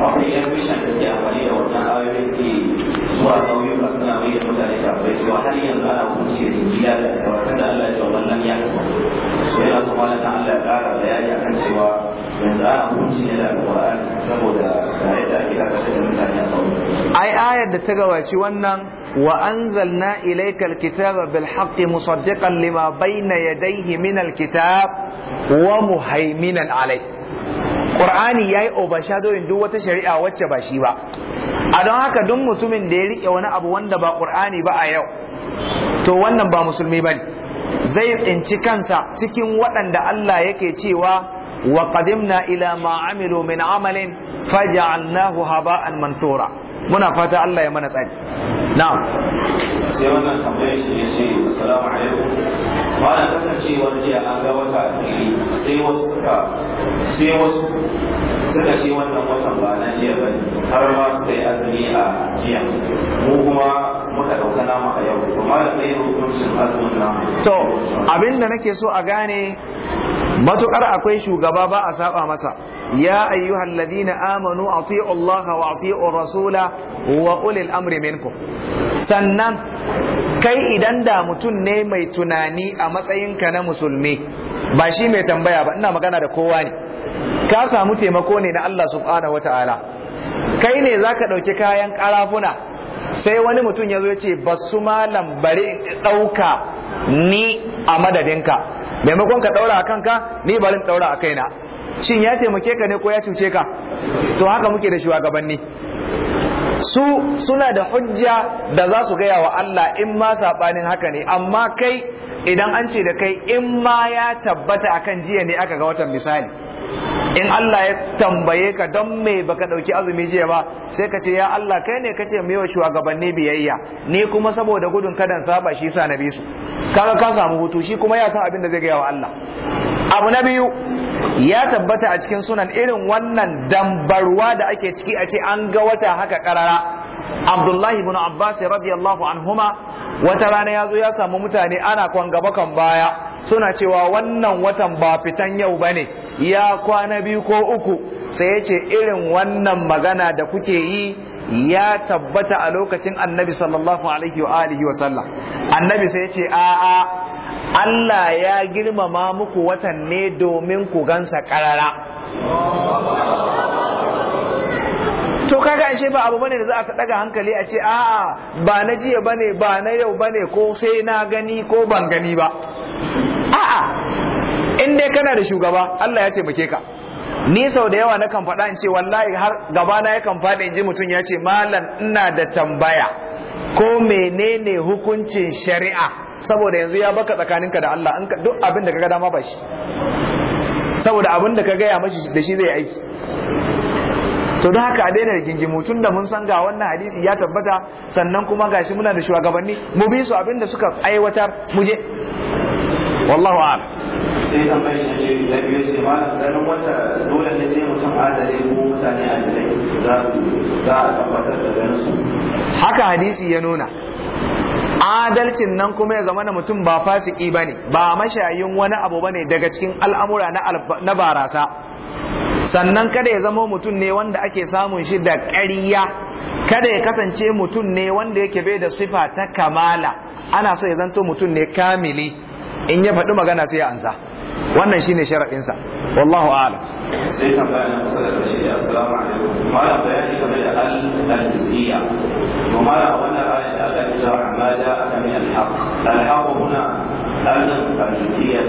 akwai yan mishan da suke amfani da wannan ayoyi suke zuwa ƙauyuka suna mai da mutane kafirai cewa har yanzu ana hukunci da jiya da kawasan da Allah ya ce wannan ya so yana so malam Allah ya ƙara bayani akan cewa yanzu ana hukunci ne da alƙur'ani saboda tare da ake kashe da mutane a ƙauyuka ai ayar da ta gabaci wannan wa anzalna ilayka alkitaba bil haqqi musaddiqan lima bayna yadayhi min alkitab wa muhaiminan alayh qur'ani yayi overshadowing duk wata shari'a wacce ba shi ba a don haka duk mutumin da ya rike wani abu wanda ba qur'ani ba a yau to wannan ba musulmi ne, zai tsinci kansa cikin waɗanda Allah yake cewa wa qadimna ila ma amilu min amalin faj'alnahu haba'an mansura muna fata Allah ya mana tsari na'am sai wannan tambayar shi ne assalamu alaikum malam kasancewar jiya an ga wata fili sai wasu suka sai wasu suka ce wannan watan ba na jiya ba har ma suka yi azumi a jiya mu kuma muka dauka nama a yau to malam ne hukuncin azumin na to abinda nake so a gane matukar akwai shugaba ba a saba masa ya ayyuhal ladina amanu ati'u Allah wa ati'u rasula wa ulil amri minkum sannan kai idan da mutum ne mai tunani a matsayinka na musulmi ba shi mai tambaya ba ina magana da kowa ne ka samu taimako ne na Allah subhanahu wataala kai ne zaka ɗauki kayan karafuna sai wani mutum ya zo ya ce ba su malam bari in ɗauka ni a madadinka maimakon ka ɗaura a kanka ni bari in ɗaura a kaina shin ya taimake ka ne ko ya cuce ka to haka muke da shugabanni su suna da hujja da za su gaya wa Allah in ma saɓanin haka ne amma kai idan an ce da kai in ma ya tabbata akan jiya ne aka ga watan misali in Allah ya tambaye ka don me baka ɗauki azumi jiya ba sai ka ce ya Allah kai ne kace mai wa shugabanni biyayya ni kuma saboda gudun kadan saba shi sa na bi su kaga ka samu hutu shi kuma ya san abin da zai gaya wa Allah abu na biyu ya tabbata a cikin sunan irin wannan dambarwa da ake ciki a ce an ga wata haka karara Abdullahi ibn Abbas radiyallahu anhuma wata rana ya zo ya samu mutane ana kwan gaba kan baya suna cewa wannan watan ba fitan yau bane ya kwana biyu ko uku sai ya ce irin wannan magana da kuke yi ya tabbata a lokacin annabi sallallahu alaihi wa alihi wa sallam annabi sai ya ce a'a Allah ya girmama muku watan ne domin ku gansa karara to kaga ashe ba abu bane da za a daga hankali a ce a'a ba na jiya bane ba na yau bane ko sai na gani ko ban gani ba a'a in dai kana da shugaba Allah ya taimake ka ni sau da yawa na kan faɗa in ce wallahi har gaba na yakan faɗa in ji mutum ya ce malam ina da tambaya ko menene hukuncin shari'a saboda yanzu ya baka tsakaninka da Allah an duk abin da kaga dama ba shi saboda abin da ka gaya mashi da shi zai aiki to don haka a daina da gingimu tun da mun san ga wannan hadisi ya tabbata sannan kuma gashi muna da shugabanni mu bi su abin da suka aiwatar mu je wallahu a'lam sai an bai shi da biyu sai ma ganin wata dole ne sai mutum adalai ko mutane adalai za su za a tabbatar da ganin su haka hadisi ya nuna adalcin nan kuma ya zama na mutum ba fasiki ba ne ba mashayin wani abu ba ne daga cikin al'amura na barasa sannan kada ya zama mutum ne wanda ake samun shi da ƙariya kada ya kasance mutum ne wanda yake bai da sifa ta kamala ana so ya zanto mutum ne kamili in ya faɗi magana sai ya ansa. wannan shine sharadin sa wallahu ala. sai ta bayan sallallahu alaihi assalamu alaikum mala bayani game da al-jiziyya to mala wannan ayat da Allah ya tsara ma ja'a min al-haq al-haq huna al-jiziyya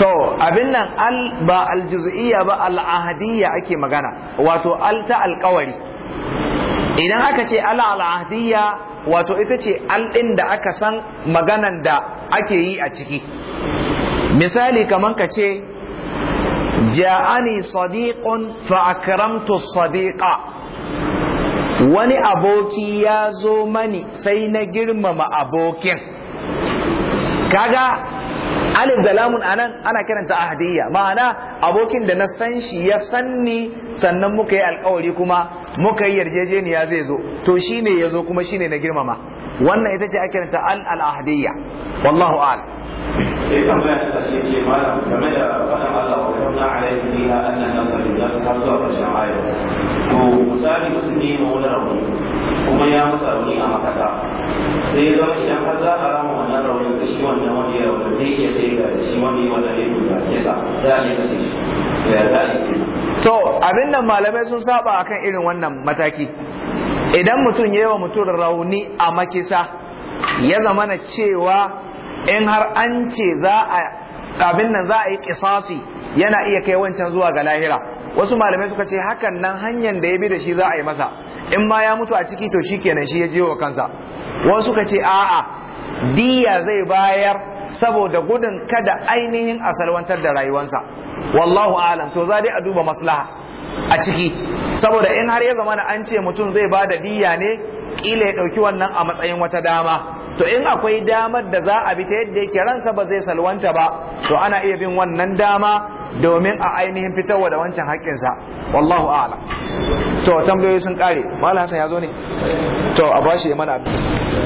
to abin nan al ba al-juz'iyya ba al-ahdiyya ake magana wato al ta alƙawari idan aka ce al'a al-ahdiyya wato ita ce al din da aka san maganan da ake yi a ciki misali kaman ka ce ja'ani sadiqun fa akramtu sadiqa wani aboki ya zo mani sai na girmama abokin kaga alif da lamun anan ana kiranta ahdiyya ma'ana abokin da na san shi ya sanni sannan muka yi alkawari kuma muka yi yarjejeniya zai zo to shine ya zo kuma shine na girmama wannan ita ce ake kiranta al al ahadiyya wallahu a'lam sai tambaya ta ce ce malam game da wannan Allah wa kunna alaihi biha annan nasari ya su hasu a ƙarshen ayat to misali mutum ne ma wani rauni kuma ya masa rauni a makasa sai ya zama idan har za a rama wannan raunin da shi wannan wani ya rauni zai iya kai ga shi wani wanda ya kuka yasa za a yi kashe shi ya za a to abin nan malamai sun saba akan irin wannan mataki idan mutum ya yi wa mutum rauni a makisa ya zamana cewa in har an ce za a abin nan za a yi kisasi yana iya kai wancan zuwa ga lahira wasu malamai suka ce hakan nan hanyar da ya bi da shi za a yi masa in ma ya mutu a ciki to shi kenan shi ya je wa kansa wasu suka ce a'a diya zai bayar saboda gudun kada ainihin asalwantar da rayuwarsa wallahu alam to za dai a duba maslaha a ciki saboda in har ya zama an ce mutum zai bada da diya ne kila ya ɗauki wannan a matsayin wata dama to in akwai damar da za a bi ta yadda yake ransa ba zai salwanta ba to ana iya bin wannan dama domin a ainihin fitarwa da wancan haƙƙinsa wallahu a'ala to tambayoyi sun kare malam hasan ya zo ne to a bashi mana